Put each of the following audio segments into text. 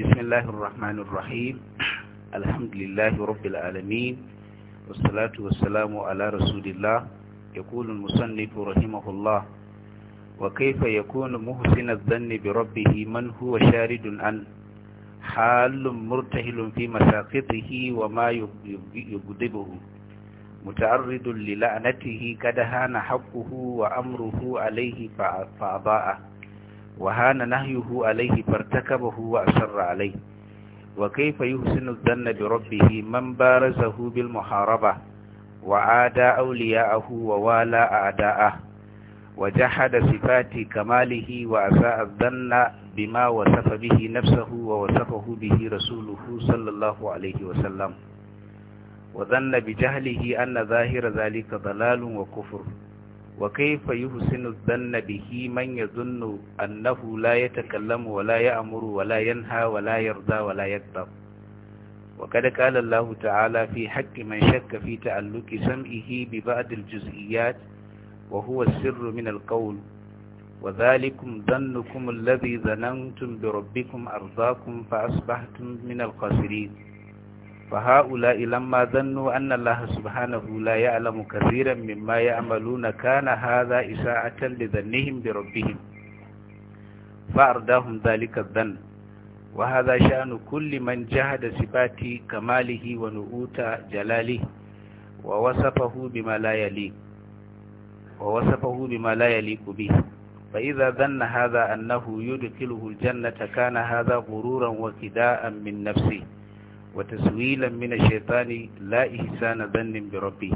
بسم الله الرحمن الرحيم الحمد لله رب العالمين والصلاة والسلام على رسول الله يقول المصنف رحمه الله وكيف يكون محسن الظن بربه من هو شارد عن حال مرتهل في مساقطه وما يغضبه متعرض للعنته كدهان حقه وأمره عليه فأضاءه وهان نهيه عليه فارتكبه وأسر عليه وكيف يحسن الظن بربه من بارزه بالمحاربة وعادى أولياءه ووالى أعداءه وجحد صفات كماله وأساء الظن بما وصف به نفسه ووصفه به رسوله صلى الله عليه وسلم وظن بجهله أن ظاهر ذلك ضلال وكفر وكيف يحسن الظن به من يظن أنه لا يتكلم ولا يأمر ولا ينهى ولا يرضى ولا يكذب وقد قال الله تعالى في حق من شك في تعلق سمعه ببعض الجزئيات وهو السر من القول وذلكم ظنكم الذي ظننتم بربكم أرضاكم فأصبحتم من الخاسرين فهؤلاء لما ظنوا أن الله سبحانه لا يعلم كثيرا مما يعملون كان هذا إساءة لذنهم بربهم فأرداهم ذلك الذن وهذا شأن كل من جهد صفات كماله ونؤوت جلاله ووصفه بما لا يليق ووصفه بما لا يليق به فإذا ظن هذا أنه يدخله الجنة كان هذا غرورا وكداء من نفسه وتسويلا من الشيطان لا إحسان ذن بربه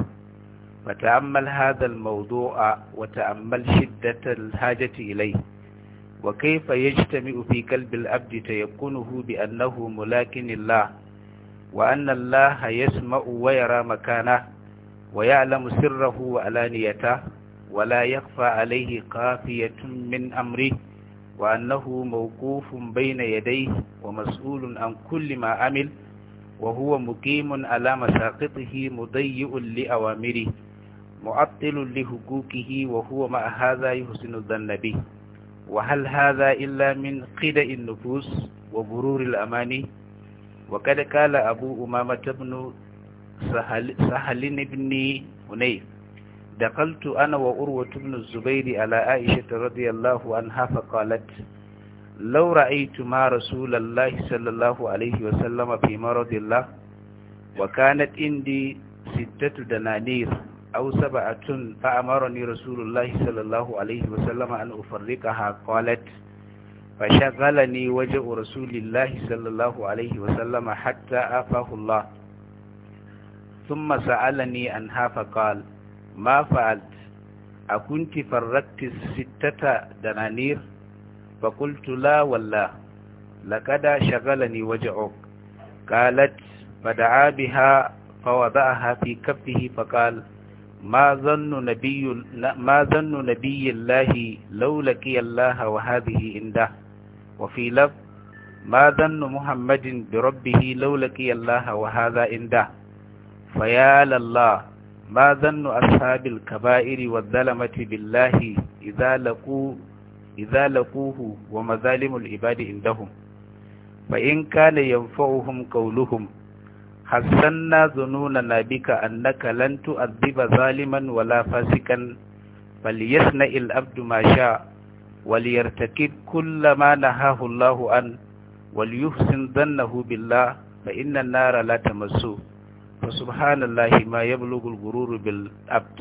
فتأمل هذا الموضوع وتأمل شدة الحاجة إليه وكيف يجتمع في قلب العبد تيقنه بأنه ملاكن الله وأن الله يسمع ويرى مكانه ويعلم سره وعلانيته ولا يخفى عليه قافية من أمره وأنه موقوف بين يديه ومسؤول عن كل ما عمل وهو مقيم على مساقطه مضيء لأوامره معطل لحقوقه وهو مع هذا يحسن الظن به وهل هذا إلا من خدع النفوس وغرور الأماني وقد قال أبو أمامة بن سهل, سهل بن هنيف دخلت أنا وأروة بن الزبير على عائشة رضي الله عنها فقالت لو رأيت ما رسول الله صلى الله عليه وسلم في مرض الله وكانت عندي ستة دنانير أو سبعة فأمرني رسول الله صلى الله عليه وسلم أن أفرقها قالت فشغلني وجه رسول الله صلى الله عليه وسلم حتى آفاه الله ثم سألني عنها فقال ما فعلت أكنت فرقت ستة دنانير فقلت لا والله لقد شغلني وجعك قالت فدعا بها فوضعها في كفه فقال ما ظن نبي ما ظن نبي الله لو لقي الله وهذه عنده وفي لفظ ما ظن محمد بربه لو لقي الله وهذا عنده فيا لله ما ظن أصحاب الكبائر والظلمة بالله إذا لقوا إذا لقوه ومظالم العباد عندهم فإن كان ينفعهم قولهم حسنا ظنوننا بك أنك لن تؤذب ظالما ولا فاسقا فليصنع الأبد ما شاء وليرتكب كل ما نهاه الله عنه وليحسن ظنه بالله فإن النار لا تمسه فسبحان الله ما يبلغ الغرور بالعبد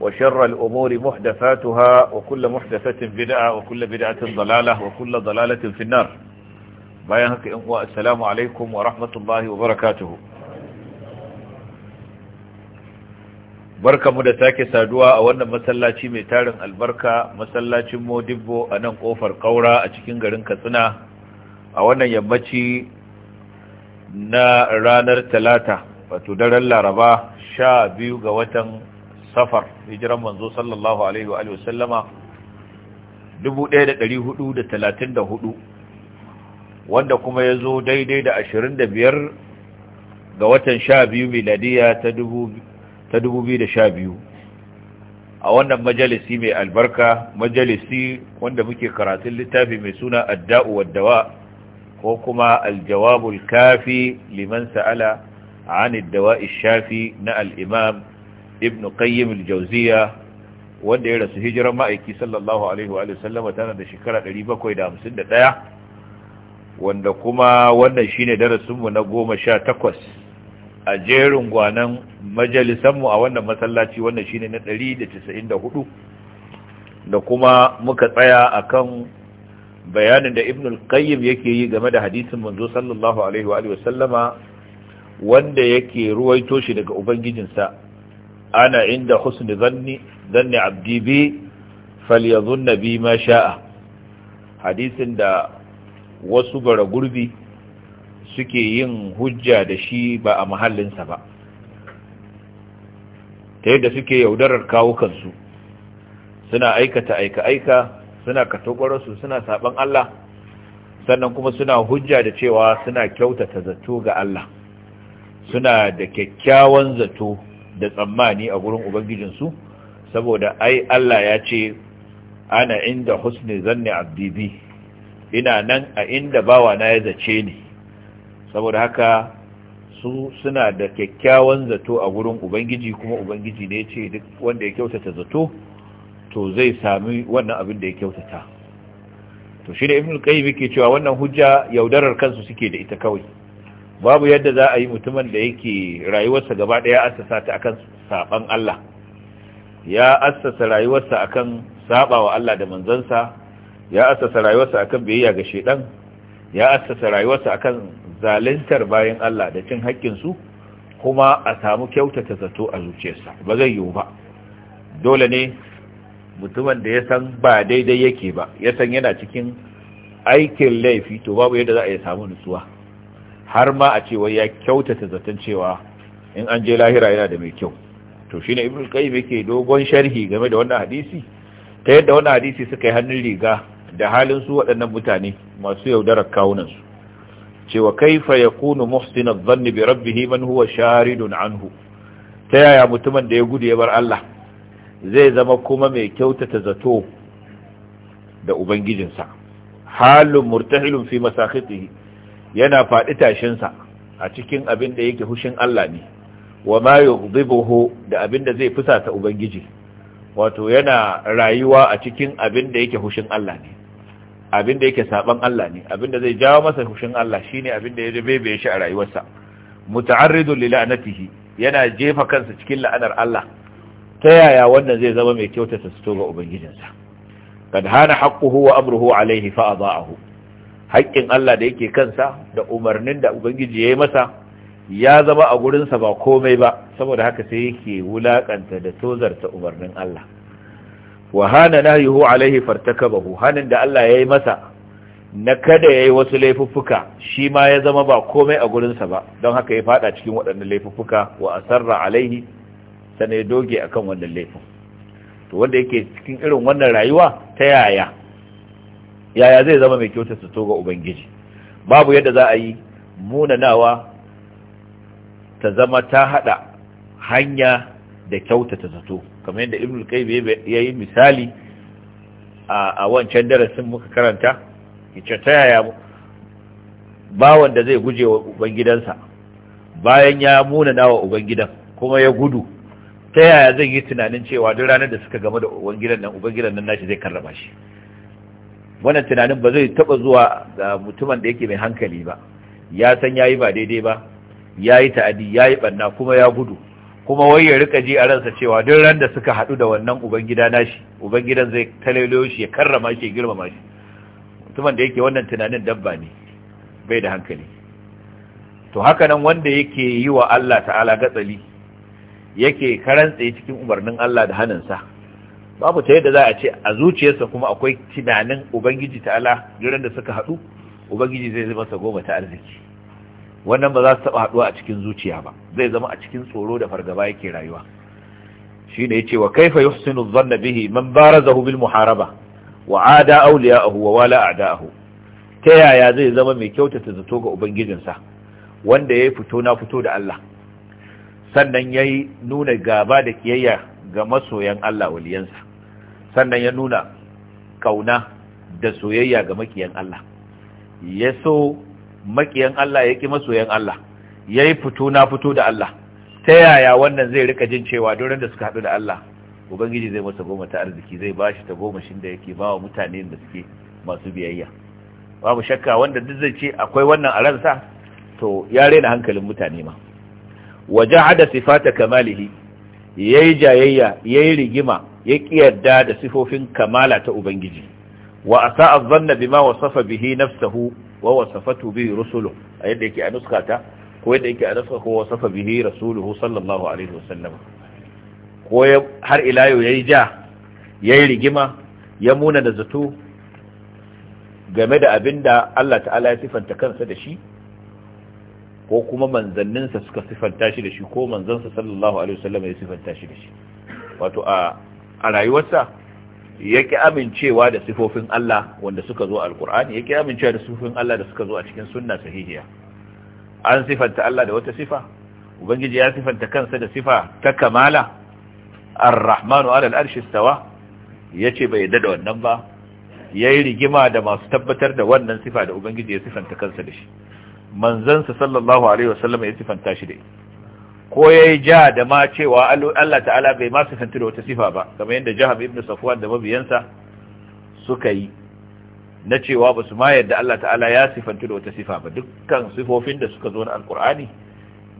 وشر الأمور محدثاتها وكل محدثة بدعة وكل بدعة ضلالة وكل ضلالة في النار بيانك إن السلام عليكم ورحمة الله وبركاته Barka mu da sake saduwa a wannan masallaci mai tarin albarka masallacin Modibbo a nan kofar ƙaura a cikin garin Katsina a wannan yammaci na ranar talata wato daren Laraba sha biyu ga watan safar hijiran manzo sallallahu alaihi wa alihi wasallama 1434 wanda kuma ya zo daidai da 25 ga watan 12 miladiya ta 2012 a wannan majalisi mai albarka majalisi wanda muke karatun littafi mai suna adda'u waddawa ko kuma aljawabul kafi liman sa'ala عن الدواء الشافي na الإمام ibn qayyim al-jawziya wanda ya rasu hijiran ma'aiki sallallahu alaihi wa sallama tana da shekara 751 wanda kuma wannan shine darasinmu na 18 a jerin gwanan majalisarmu a wannan masallaci wannan shine na 194 da kuma muka tsaya akan bayanin da ibn al-qayyim yake yi game da hadisin manzo sallallahu alaihi wa sallama wanda yake ruwaito shi daga ubangijinsa ana inda husni zanni zanni abdi bi falyazunna bi ma sha'a hadisin da wasu bara gurbi suke yin hujja da shi ba a mahallinsa ba ta yadda suke yaudarar kawo kansu suna aikata aika-aika suna katokwararsu suna saban Allah sannan kuma suna hujja da cewa suna kyautata zato ga Allah suna da kyakkyawan zato da tsammani a gurin ubangijinsu saboda ai Allah ya ce ana inda husni zanni abdibi ina nan a inda bawa na ya zace ni saboda haka su suna da kyakkyawan zato a gurin ubangiji kuma ubangiji ne ce duk wanda ya kyautata zato to zai sami wannan abin da ya kyautata to shi da ibn qayyim yake cewa wannan hujja yaudarar kansu suke da ita kawai babu yadda za a yi mutumin da yake rayuwarsa gaba ɗaya assasa ta akan saɓan Allah ya assasa rayuwarsa akan saba wa Allah da manzansa ya assasa rayuwarsa akan biyayya ga shedan ya assasa rayuwarsa akan zaluntar bayan Allah da cin haƙƙin su kuma a samu kyautata zato a zuciyarsa ba zai yiwu ba dole ne mutumin da ya san ba daidai yake ba ya san yana cikin aikin laifi to babu yadda za a yi samu nutsuwa har ma a cewa ya kyautata zaton cewa in an je lahira yana da mai kyau to shine ibnu qayyim yake dogon sharhi game da wannan hadisi ta yadda wannan hadisi suka yi hannun riga da halin su waɗannan mutane masu yaudarar kawunan su cewa kaifa yakunu muhsin adh-dhanni bi rabbihi man huwa sharidun anhu ta yaya mutumin da ya gudu ya bar Allah zai zama kuma mai kyautata zato da ubangijinsa halun murtahilun fi masakhitihi yana faɗi tashinsa a cikin abin da yake hushin Allah ne wa ma yughdibuhu da abin da zai fusata ubangiji wato yana rayuwa a cikin abin da yake hushin Allah ne abin da yake saban Allah ne abin da zai jawo masa hushin Allah shine abin da ya bebe shi a rayuwarsa muta'arridu li la'natihi yana jefa kansa cikin la'anar Allah ta yaya wannan zai zama mai kyautata su ga ubangijinsa kad hana haqquhu wa amruhu alayhi fa adaa'ahu haƙƙin Allah da yake kansa da umarnin da ubangiji ya yi masa ya zama a gurinsa ba komai ba saboda haka sai yake wulaƙanta da tozarta umarnin Allah wa hana nahyuhu alaihi fartaka ba hanin da Allah ya yi masa na kada ya yi wasu laifuffuka shi ma ya zama ba komai a gurinsa ba don haka ya faɗa cikin waɗannan laifuffuka wa sarra alaihi sanai doge akan wannan laifin to wanda yake cikin irin wannan rayuwa ta yaya yaya zai zama mai kyauta su ga ubangiji babu yadda za a yi munanawa ta zama ta hada hanya da kyauta ta zato kamar yadda ibn kai ya yi misali a wancan darasin muka karanta yace ta yaya bawan da zai guje wa ubangidansa bayan ya munana wa ubangidan kuma ya gudu ta yaya zai yi tunanin cewa duk ranar da suka game da ubangidan nan ubangidan nan nashi zai karrama shi wannan tunanin ba zai taba zuwa ga mutumin da yake mai hankali ba ya san yayi ba daidai ba yayi ta'adi yayi banna kuma ya gudu kuma wai ya rika ji a ransa cewa duk ran da suka hadu da wannan ubangida nashi ubangidan zai talalo shi ya karrama shi ya girmama shi mutumin da yake wannan tunanin dabba ne bai da hankali to haka nan wanda yake yi wa Allah ta'ala gatsali yake karantsa cikin umarnin Allah da hannunsa babu ta yadda za a ce a zuciyarsa kuma akwai tunanin ubangiji ta ta'ala duran da suka haɗu ubangiji zai zama sa goma ta arziki wannan ba za su taba haɗuwa a cikin zuciya ba zai zama a cikin tsoro da fargaba yake rayuwa shine yace wa kaifa yuhsinu dhanna bihi man barazahu bil muharaba wa ada awliya'ahu wa wala a'da'ahu ta yaya zai zama mai kyautata zato ga ubangijinsa wanda yayi fito na fito da Allah sannan yayi nuna gaba da kiyayya ga masoyan Allah waliyansa sannan ya nuna kauna da soyayya ga makiyan Allah ya so makiyan Allah ya ƙi masoyan Allah ya yi fito na fito da Allah ta yaya wannan zai rika jin cewa duran da suka haɗu da Allah ubangiji zai masa goma ta arziki zai ba shi ta goma shi da yake ba wa mutane da suke masu biyayya babu shakka wanda duk zai ce akwai wannan a ransa to ya rena hankalin mutane ma waje hada sifata kamalihi yayi jayayya yayi rigima ya kiyarda da sifofin kamala ta ubangiji wa asa azzanna bima wasafa bihi nafsuhu wa wasafatu bihi rasulu. a yadda yake a nuskata ko yadda yake a nuska ko wasafa bihi rasuluhu sallallahu alaihi wasallam ko har ila yau yayi ja yayi rigima ya muna da zato game da abinda Allah ta'ala ya sifanta kansa da shi ko kuma manzanninsa suka sifanta shi da shi ko manzansa sallallahu alaihi wasallam ya sifanta shi da shi wato a a rayuwarsa ya ki amincewa da sifofin Allah wanda suka zo a alkur'ani ya amincewa da sifofin Allah da suka zo a cikin sunna sahihiya an sifanta Allah da wata sifa ubangiji ya sifanta kansa da sifa ta kamala ar-rahmanu ala al-arshi istawa yace bai yadda da wannan ba yayi rigima da masu tabbatar da wannan sifa da ubangiji ya sifanta kansa da shi manzansa sallallahu alaihi wasallam ya sifanta shi da ko ya yi ja da ma cewa Allah ta'ala bai ma kanta da wata sifa ba kamar yadda Jihar ibn Safwan da mabiyansa suka yi na cewa ba su ma yadda Allah ta'ala ya sifanta da wata sifa ba dukkan sifofin da suka zo na alkur'ani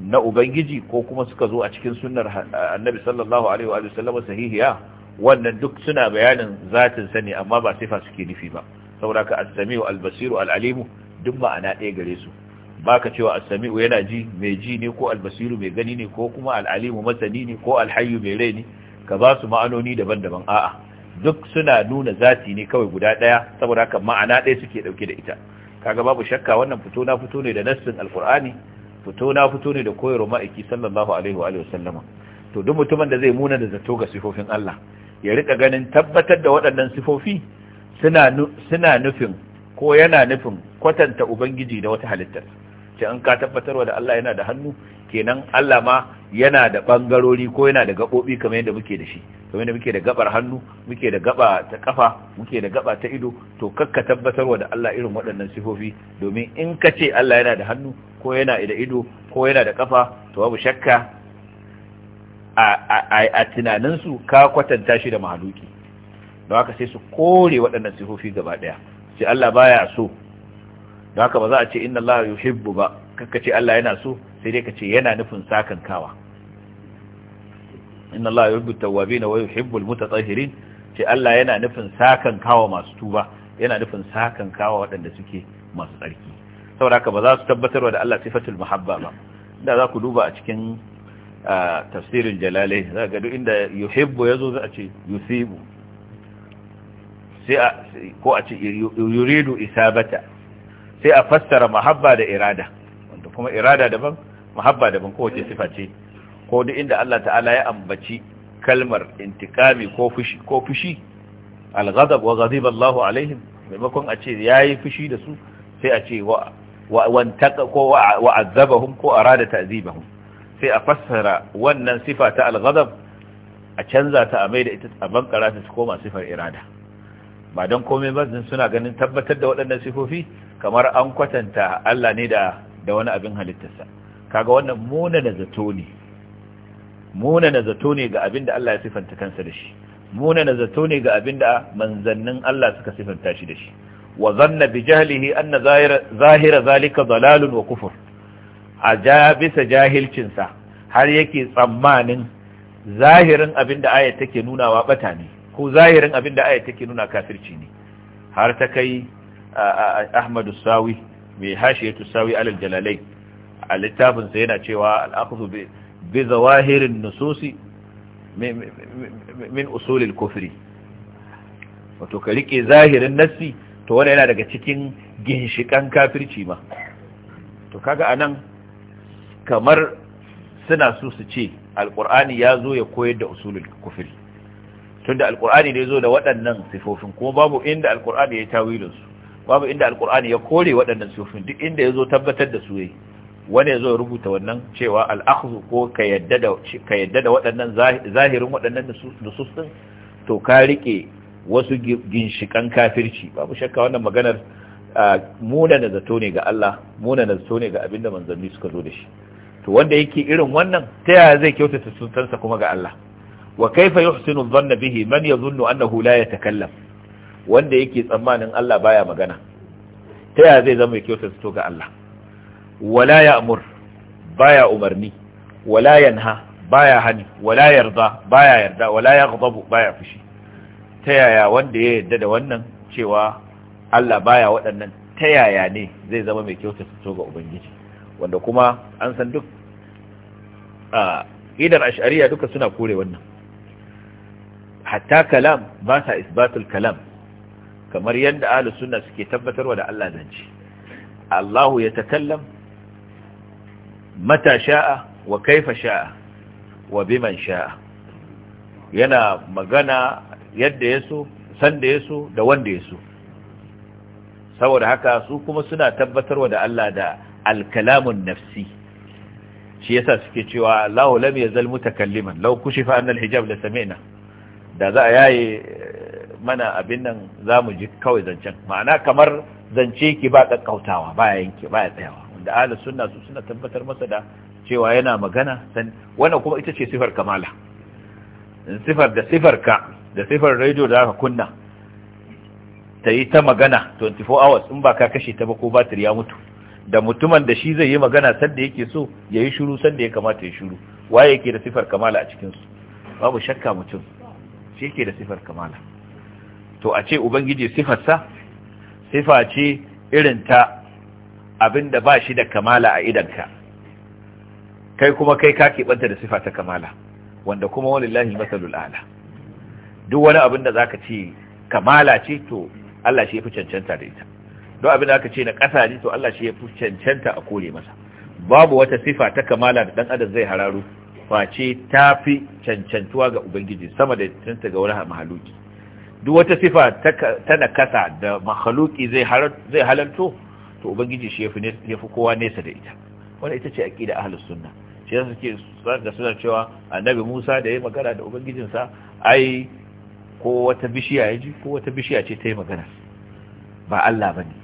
na ubangiji ko kuma suka zo a cikin sunnar annabi sallallahu alaihi wa sallam sahihiya wannan duk suna bayanin zatin sani amma ba sifa suke nufi ba saboda ka as-sami'u al-basiru al-alimu duk ma'ana ɗaya gare su baka cewa as-sami'u yana ji mai ji ne ko al-basiru mai gani ne ko kuma al-alimu masani ne ko al-hayyu mai rai ne ka ba su ma'anoni daban-daban a'a duk suna nuna zati ne kawai guda daya saboda haka ma'ana ɗaya suke dauke da ita kaga babu shakka wannan fito na fito ne da nassin al-qur'ani fito na fito ne da koyarwar ma'aiki sallallahu alaihi wa alihi wasallama to duk mutumin da zai muna da zato ga sifofin Allah ya rika ganin tabbatar da waɗannan sifofi suna suna nufin ko yana nufin kwatanta ubangiji da wata halittar ce an ka tabbatarwa da Allah yana da hannu kenan Allah ma yana da bangarori ko yana da gabobi kamar yadda muke da shi kamar yadda muke da gabar hannu muke da gaba ta kafa muke da gaba ta ido to kakka tabbatarwa da Allah irin waɗannan sifofi domin in ka ce Allah yana da hannu ko yana da ido ko yana da kafa to babu shakka a tunanin su ka kwatanta shi da mahaluki don haka sai su kore waɗannan sifofi gaba ɗaya sai Allah baya so don haka ba za a ce inna Allah yuhibbu ba kaka ce Allah yana so sai dai ka ce yana nufin sakan kawa inna Allah yuhibbu tawwabin wa yuhibbu almutatahhirin ce Allah yana nufin sakan kawa masu tuba yana nufin sakan kawa waɗanda suke masu tsarki saboda haka ba za su tabbatarwa da Allah sifatul muhabba ba da za ku duba a cikin tafsirin jalalai za ga duk inda yuhibbu yazo za a ce yusibu sai ko a ce yuridu isabata sai a fassara mahabba da irada wanda kuma irada daban mahabba daban kowace sifa ce ko duk inda Allah ta'ala ya ambaci kalmar intikami ko fushi ko fushi al-ghadab wa ghadiba Allahu alaihim maimakon a ce yayi fushi da su sai a ce wa wa, wantaka ko wa azabahum ko arada ta'zibahum sai a fassara wannan sifa ta al-ghadab a canza ta a maida ita a bankara ta koma sifar irada ba don komai ba suna ganin tabbatar da waɗannan sifofi kamar an kwatanta Allah ne da da wani abin halittarsa kaga wannan na zato ne na zato ne ga abin da Allah ya sifanta kansa da shi na zato ne ga abin da manzannin Allah suka sifanta shi da shi wa zanna bi jahlihi anna zahira zalika dalalun wa kufur a ja bisa jahilcinsa har yake tsammanin zahirin abin da ayat take nunawa bata ne ko zahirin abin da ayat take nuna kafirci ne har ta kai ahmadu sawi mai hashiyatu sawi alal jalalai a littafinsa yana cewa al'akufu bi zawahirin nususi min usulil kufri wato ka rike zahirin nassi to wani yana daga cikin ginshikan kafirci ma to kaga anan kamar suna so su ce alkur'ani ya zo ya koyar da usulil kufri tunda alƙurani ne zo da waɗannan sifofin kuma babu inda alƙurani ya tawilin su babu inda alkur'ani ya kore waɗannan sufin duk inda ya zo tabbatar da su yi. wani ya zo ya rubuta wannan cewa al'akhzu ko ka yadda da ka yadda da waɗannan zahirin waɗannan nusus to ka rike wasu ginshikan kafirci babu shakka wannan maganar muna na zato ne ga Allah muna na zato ne ga abinda manzanni suka zo da shi to wanda yake irin wannan ta yaya zai kyautata suntansa kuma ga Allah wa kaifa yuhsinu dhanna bihi man yadhunnu annahu la yatakallam wanda yake tsammanin Allah baya magana ta yaya zai zama kyautar su ga Allah wala ya'mur baya umarni wala yanha baya hani wala yarda baya yarda wala yaghdabu baya fushi ta yaya wanda ya yarda da wannan cewa Allah baya waɗannan ta yaya ne zai zama mai kyautar su ga ubangiji wanda kuma an san duk a idan ash'ariya duka suna kore wannan hatta kalam ba sa isbatul kalam kamar yadda ahlus sunna suke tabbatarwa da Allah zance Allahu ya takallam mata sha'a wa kaifa sha'a wa biman sha'a yana magana yadda ya so sanda ya so da wanda ya so saboda haka su kuma suna tabbatarwa da Allah da alkalamun nafsi shi yasa suke cewa Allahu lam yazal mutakalliman law kushifa anna alhijab la sami'na da za a yaye mana abin nan za mu ji kawai zancen ma'ana kamar zance ki ba ƙaƙƙautawa ba ya yanke ba ya tsayawa wanda ahalus sunna su suna tabbatar masa da cewa yana magana wannan kuma ita ce sifar kamala sifar da sifar ka da sifar radio da aka kunna ta yi ta magana 24 hours in ba ka kashe ta ba ko batir ya mutu da mutumin da shi zai yi magana sanda yake so ya yi shuru sanda ya kamata ya shuru waye yake da sifar kamala a cikinsu babu shakka mutum shi yake da sifar kamala to a ce ubangiji sifarsa sifa ce irin ta da ba shi da kamala a idanka kai kuma kai ka banta da sifa ta kamala wanda kuma wani lahi masalul ala duk wani abin da za ka ce kamala ce to Allah shi ya fi cancanta da ita don abin da aka ce na ƙasa ne to Allah shi ya fi cancanta a kore masa babu wata sifa ta kamala da ɗan adam zai hararu face ta fi cancantuwa ga ubangiji sama da cancanta ga wani mahaluki duk wata sifa ta nakasa da makhaluki zai halarto to ubangiji shi ya fi kowa nesa da ita wanda ita ce ƙi da ahalus sunna shi yasa suke da suna cewa annabi musa da ya yi magana da ubangijinsa ai ko wata bishiya ya ji ko wata bishiya ce ta yi magana ba Allah ba ne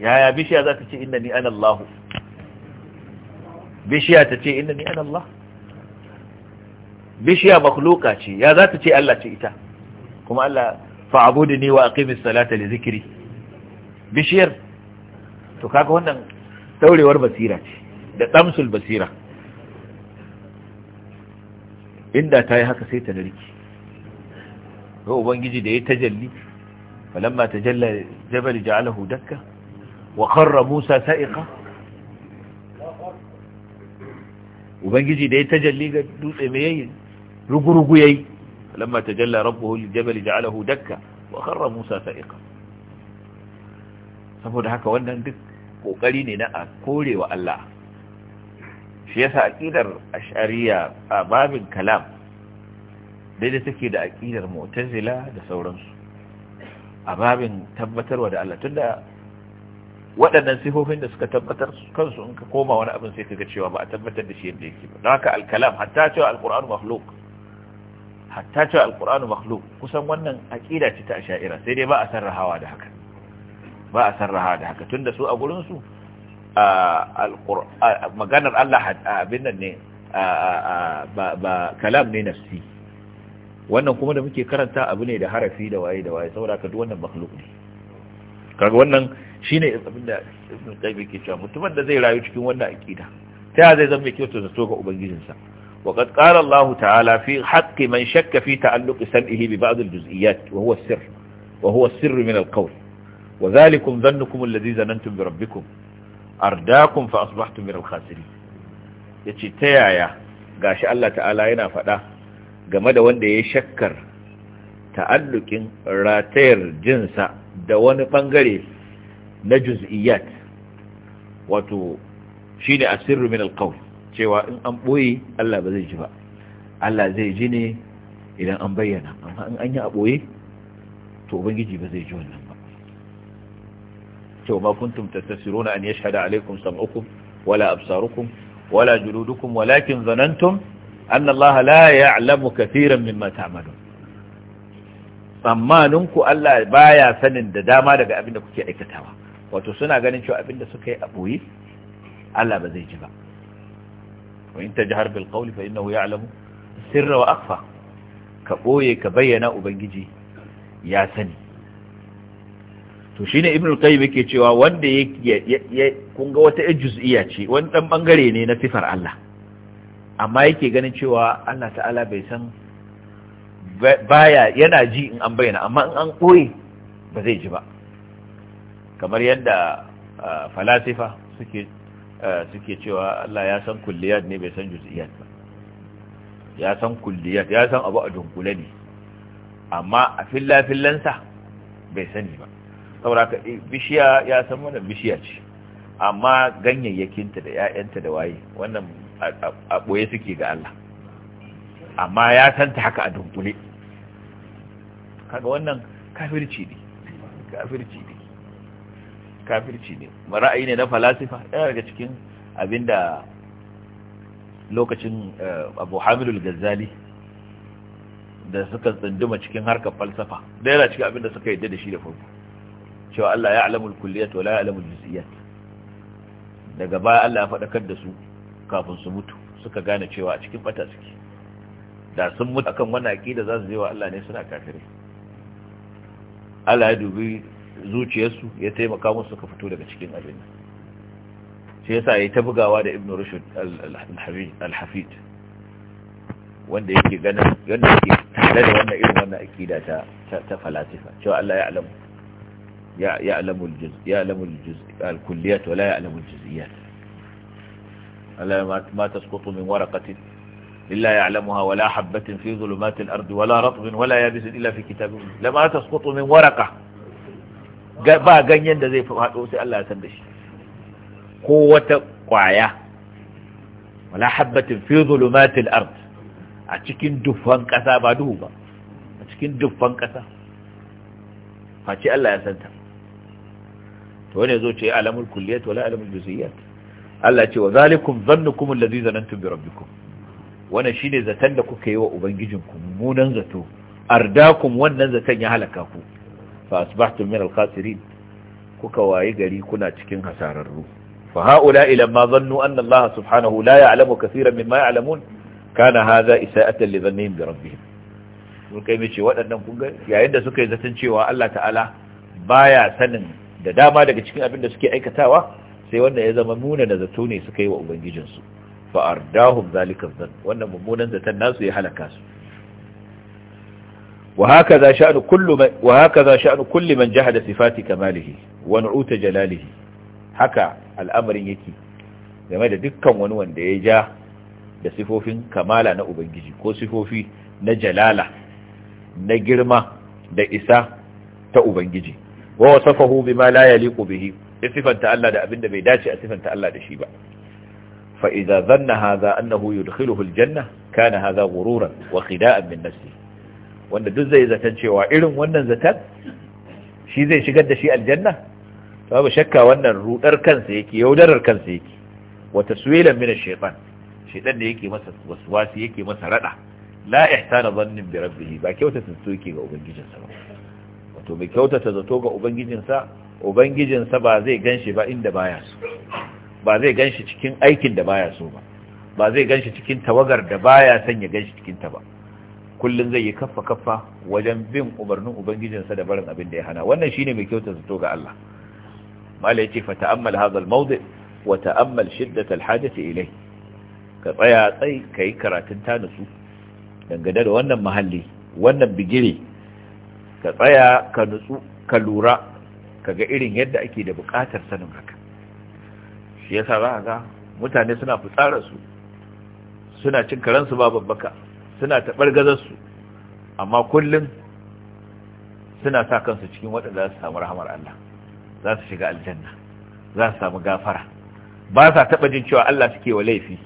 yaya bishiya za ta ce inna ni an Allah bishiya ta ce inna ni an Allah bishiya makhluka ce ya za ta ce Allah ce ita kuma Allah ni wa aqimis salata li zikri bishiyar to kaga wannan daurewar basira ce da damsul basira inda ta yi haka sai ta narki ga ubangiji da ya tajalli falamma tajalla jabal ja'alahu dakka wa kharra musa sa'iqa ubangiji da ya tajalli ga dutse mai yayi rugurugu yayi فلما تجلى ربه للجبل جعله دكا وخر موسى سائقا saboda haka wannan duk kokari ne na a korewa Allah shi yasa aqidar ash'ariyya a babin kalam daidai take da aqidar mu'tazila da sauransu a babin tabbatarwa da Allah tunda waɗannan sifofin da suka tabbatar kansu in ka koma wani abin sai kaga cewa ba a tabbatar da shi yadda yake ba don haka al-kalam hatta cewa al-qur'anu hatta ce alqur'anu makhluq kusan wannan aqida ce ta sha'ira sai dai ba a sarrahawa da haka ba a sarraha da haka tunda su a gurin su maganar Allah abin nan ne ba kalam ne nafsi wannan kuma da muke karanta abu ne da harafi da waye da waye saboda ka duk wannan makhluk ne kaga wannan shine abin da Ibn Qayyim yake cewa mutum da zai rayu cikin wannan aqida ta zai zama mai kyautar toka ubangijinsa وقد قال الله تعالى في حق من شك في تعلق سمعه ببعض الجزئيات وهو السر وهو السر من القول وذلكم ظنكم الذي ظننتم بربكم أرداكم فأصبحتم من الخاسرين يتي تيايا gashi Allah ta'ala yana faɗa game da wanda ya shakkar ta'allukin ratayar jinsa da wani ɓangare na juz'iyyat wato shine asirru min alqawl cewa in an ɓoye Allah ba zai ji ba Allah zai ji ne idan an bayyana amma in an yi a ɓoye to ubangiji ba zai ji wannan ba cewa ma kuntum tattasiruna an yashhada alaikum sam'ukum wala absarukum wala juludukum walakin zanantum anna Allah la ya'lamu katiran mimma ta'malun ku Allah baya sanin da dama daga abin da kuke aikatawa wato suna ganin cewa abin da suka yi a ɓoye Allah ba zai ji ba wa jihar tajhar bil qawli fa innahu ya'lamu sirra ka boye ka bayyana ubangiji ya sani to shine ibn qayyim yake cewa wanda ya kun ga wata juz'iyya ce wani dan bangare ne na sifar Allah amma yake ganin cewa Allah ta'ala bai san baya yana ji in an bayyana amma in an koye ba zai ji ba kamar yadda ah, falasifa suke suke cewa Allah ya san kulliyat ne bai san juz'iyat ba ya san kulliyat ya san abu a dunkule ne amma a fillafillansa bai sani ba saboda eh, bishiya ya san wannan bishiya ce amma ganyayyakinta da 'ya'yanta da waye wannan a ɓoye suke ga Allah amma ya san ta haka a dunkule kaga wannan kafirci ne kafirci ne kafirci ne ra'ayi ne na falasifa ɗaya daga cikin abinda lokacin eh, abu hamilul gazali da suka tsunduma cikin harkar falsafa da yana cikin abinda suka yadda da shi da farko cewa Allah ya alamul kulliyat wa la ya alamul juziyat daga baya Allah ya faɗakar da su kafin su mutu suka gane cewa a cikin bata suke da sun mutu akan wani aqida za su je wa Allah ne suna kafirai Allah ya dubi zuciyarsu ya taimaka musu ka fito daga cikin abin shi yasa yayi ta bugawa da Ibn Rushd al-Hafid wanda yake ganin yanda yake tare da wannan irin wannan akida ta ta falasifa cewa Allah ya alamu ya ya alamu al-juz ya alamu al-juz al-kulliyat wa la ya alamu al-juziyat Allah ma tasqutu min waraqatin إلا يعلمها ولا حبة في ظلمات الأرض ولا رطب ولا يابس إلا في كتاب لما تسقط من ورقة ba ganyen da zai faɗo sai Allah ya san da shi ko wata ƙwaya wala habbatin fi zulumatil ard a cikin dufan ƙasa ba duhu ba a cikin dufan ƙasa face Allah ya san ta to wani zo ce alamul kulliyat wala alamul juziyat Allah ce wa zalikum zannukum allazi zanantum bi rabbikum wannan shine zaton da kuka yi wa ubangijinku mummunan zato ardakum wannan zaton ya halaka ku fa asbahtum min al kuka wayi gari kuna cikin hasararru fa haula ila ma zannu anna Allah subhanahu la ya'lamu kaseeran mimma ya'lamun kana hadha isa'atan li dhannihim bi rabbihim mun kai mace waɗannan kun ga yayin da suka yi zaton cewa Allah ta'ala baya sanin da dama daga cikin abin da suke aikatawa sai wanda ya zama muna da zato ne suka yi wa ubangijinsu fa ardahum zalika dhann wannan mummunan zaton nasu ya halaka su وهكذا شأن كل من وهكذا شأن كل من جحد صفات كماله ونعوت جلاله haka al'amarin yake game da dukkan wani wanda ya ja da sifofin kamala na ubangiji ko sifofi na jalala na girma da isa ta ubangiji wa wasafahu bima la yaliqu bihi sifanta Allah da abinda bai dace a sifanta Allah da shi ba fa idza dhanna hadha annahu yudkhiluhu aljanna kana hadha ghururan wa khida'an min nafsihi wanda duk zai zaton cewa irin wannan zaton shi zai shigar da shi aljanna babu shakka wannan rudar kansa yake yaudarar kansa yake wata suwelan mina shaitan shaitan da yake masa waswasi yake masa rada la ihsana zannin bi rabbih ba kyautata zato yake ga ubangijinsa ba wato bai kyautata zato ga ubangijinsa ubangijinsa ba zai ganshi ba inda baya so ba zai ganshi cikin aikin da baya so ba ba zai ganshi cikin tawagar da baya sanya ya ganshi cikin ta ba Kullum zai yi kaffa kaffa wajen bin umarnin ubangijinsa da barin abin da ya hana wannan shine mai kyauta zato ga Allah ya ce fa ta'ammal hadha al-mawdi wa ta'ammal shiddat al-hadath ilayhi ka tsaya tsai kai karatun tanusu dangane da wannan mahalli wannan bigire ka tsaya ka nutsu ka lura kaga irin yadda ake da bukatar sanin haka shi yasa za ga mutane suna fitsararsu suna cin karansu ba babbaka suna taɓar gazarsu amma kullum suna sa kansu cikin waɗanda za su samu rahamar Allah za su shiga aljanna za su samu gafara ba sa taɓa jin cewa Allah suke wa laifi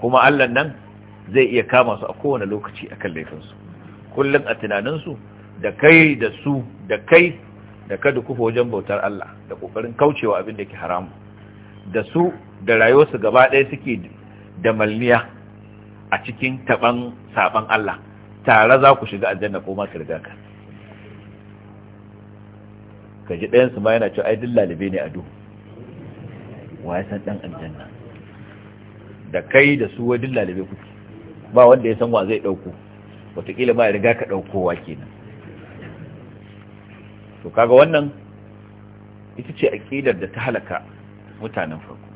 kuma Allah nan zai iya kama su a kowane lokaci a kan laifinsu kullum a tunaninsu da kai da su da kai da kada kufa wajen bautar Allah da ƙoƙarin kaucewa abin da ke haramu da su da rayuwarsu gaba ɗaya suke da malniya a cikin taban saban Allah tare za ku shiga aljanna ko ma riga ka ka ji ɗayan su ma yana cewa ai duk lalibe ne a duhu wa ya san ɗan aljanna da kai da su duk lalibe kuke ba wanda ya san wa zai ɗauko wataƙila ma riga ka ɗaukowa kenan to kaga wannan ita ce aƙidar da ta halaka mutanen farko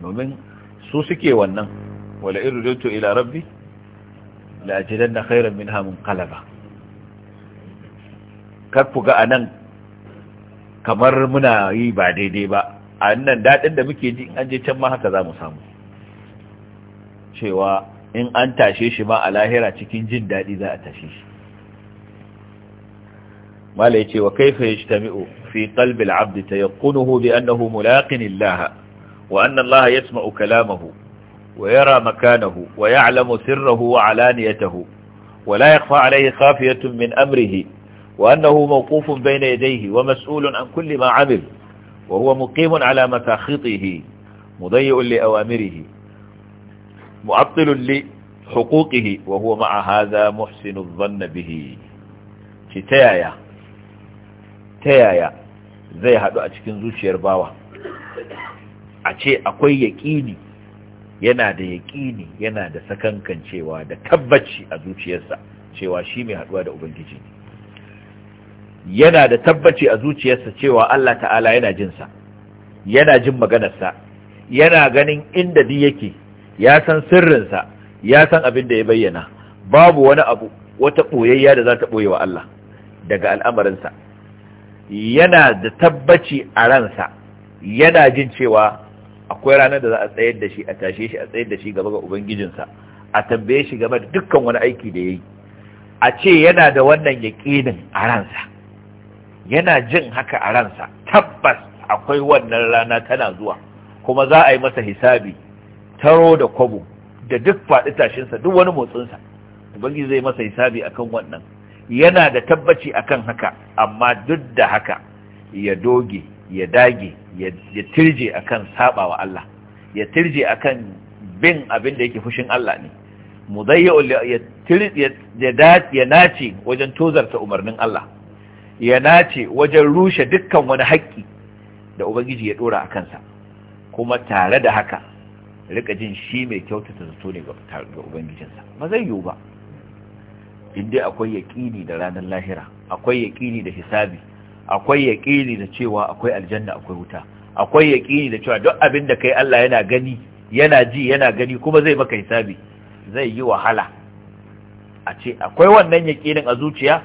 domin su suke wannan wala in rujutu ila rabbi la ajidanna khairan minha munqalaba kar ku ga anan kamar muna yi ba daidai ba a nan daɗin da muke ji an je can ma haka za mu samu cewa in an tashe shi ma a lahira cikin jin daɗi za a tashe shi mala ce wa kaifa yajtami'u fi qalbi al-'abd tayaqunuhu bi annahu mulaqin Allah wa anna yasma'u kalamahu ويرى مكانه ويعلم سره وعلانيته ولا يخفى عليه خافية من أمره وأنه موقوف بين يديه ومسؤول عن كل ما عمل وهو مقيم على مساخطه مضيء لأوامره معطل لحقوقه وهو مع هذا محسن الظن به تيايا تيايا زي هدو أتكنزو شيرباوة باوا أتي أقوي يكيني yana da yaƙini yana da sakankan cewa da tabbaci a zuciyarsa cewa shi mai haɗuwa da ubangiji ne yana da tabbaci a zuciyarsa cewa Allah ta'ala yana jin sa, yana jin maganarsa yana ganin inda di yake ya san sirrinsa ya san abin da ya bayyana babu wani abu wata ɓoyayya da za ta ɓoye wa Allah daga al'amarinsa yana da tabbaci a ransa yana jin cewa akwai ranar da za a tsayar da shi a tashe shi a tsayar da shi gaba ga ubangijinsa a tambaye shi gaba da dukkan wani aiki da ya yi a ce yana da wannan yaƙinin a ransa yana jin haka a ransa tabbas akwai wannan rana tana zuwa kuma za a yi masa hisabi taro da kwabo da duk faɗi tashinsa duk wani motsinsa ubangiji zai masa hisabi akan wannan yana da tabbaci akan haka amma duk da haka ya doge ya dage ya tirje akan saba wa Allah ya tirje akan bin abin da yake fushin Allah ne mudayyi'ul ya ya nace wajen tozarta umarnin Allah ya nace wajen rushe dukkan wani haƙƙi da ubangiji ya dora a kansa kuma tare da haka rika jin shi mai kyautata zato ne ga ubangijinsa ba zai yiwu ba in akwai yaƙini da ranar lahira akwai yaƙini da hisabi akwai yaƙini da cewa akwai aljanna akwai wuta akwai yaƙini da cewa duk abin da kai Allah yana gani yana ji yana gani kuma zai maka hisabi zai yi wahala a ce akwai wannan yaƙinin a zuciya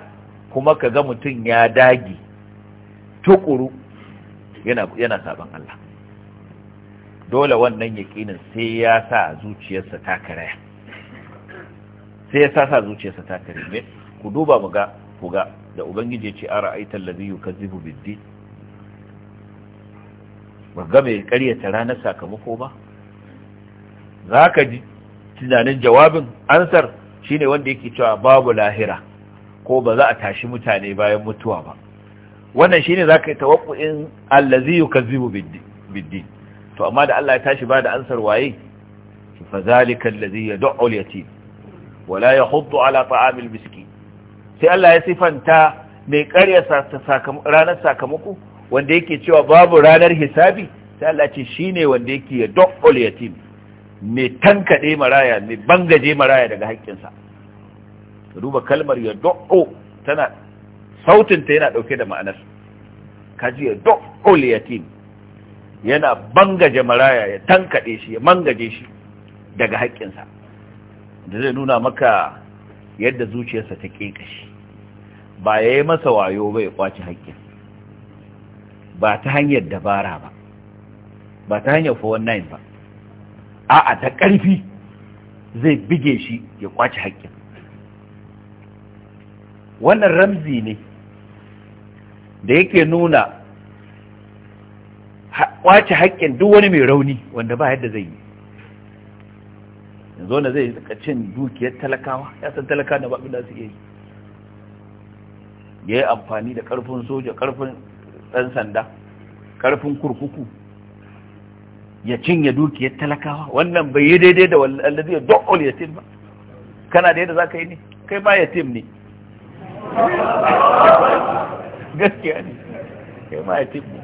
kuma ka ga mutum ya dage tukuru yana yana saban Allah dole wannan yaƙinin sai ya sa zuciyarsa ta karaya sai ya sa sa zuciyarsa ta karaya ku duba mu ga ku ga da ubangiji ya ce ara aita allazi yukazzibu biddi, ba ga mai karyata ranar sakamako ba za ka ji tunanin jawabin ansar shine wanda yake cewa babu lahira ko ba za a tashi mutane bayan mutuwa ba wannan shine za ka yi tawakkuin allazi yukazzibu biddi. to amma da Allah ya tashi ba da ansar waye fa zalika allazi yad'u al-yatim wala yahuddu ala ta'amil miskin sai Allah ya sifanta mai karya ranar sakamako wanda yake cewa babu ranar hisabi sai Allah ce shi ne wanda yake ya dokkol yatim mai tankade maraya mai bangaje maraya daga haƙƙinsa duba kalmar ya dokko tana sautinta yana ɗauke da ma'anar kaji ya dokkol yatim yana bangaje maraya ya tankaɗe shi ya mangaje shi daga haƙƙinsa da zai nuna maka yadda zuciyarsa ta ƙeƙashi ba ya yi masa wayo ba ya kwaci haƙƙin ba ta hanyar dabara ba ba ta hanyar 419 ba a'a ta ƙarfi zai bige shi ya kwaci haƙƙin wannan ramzi ne da yake nuna kwaci haƙƙin duk wani mai rauni wanda ba yadda zai yi yanzu wanda zai cin dukiyar talakawa ya san talaka na babu da su iya yi ya yi amfani da karfin soja karfin ɗan sanda karfin kurkuku ya cinye dukiyar talakawa wannan bai yi daidai da wallazi ya dokol yatim ba kana da yadda za ka yi ne kai ba yatim ne gaskiya ne kai ma yatim ne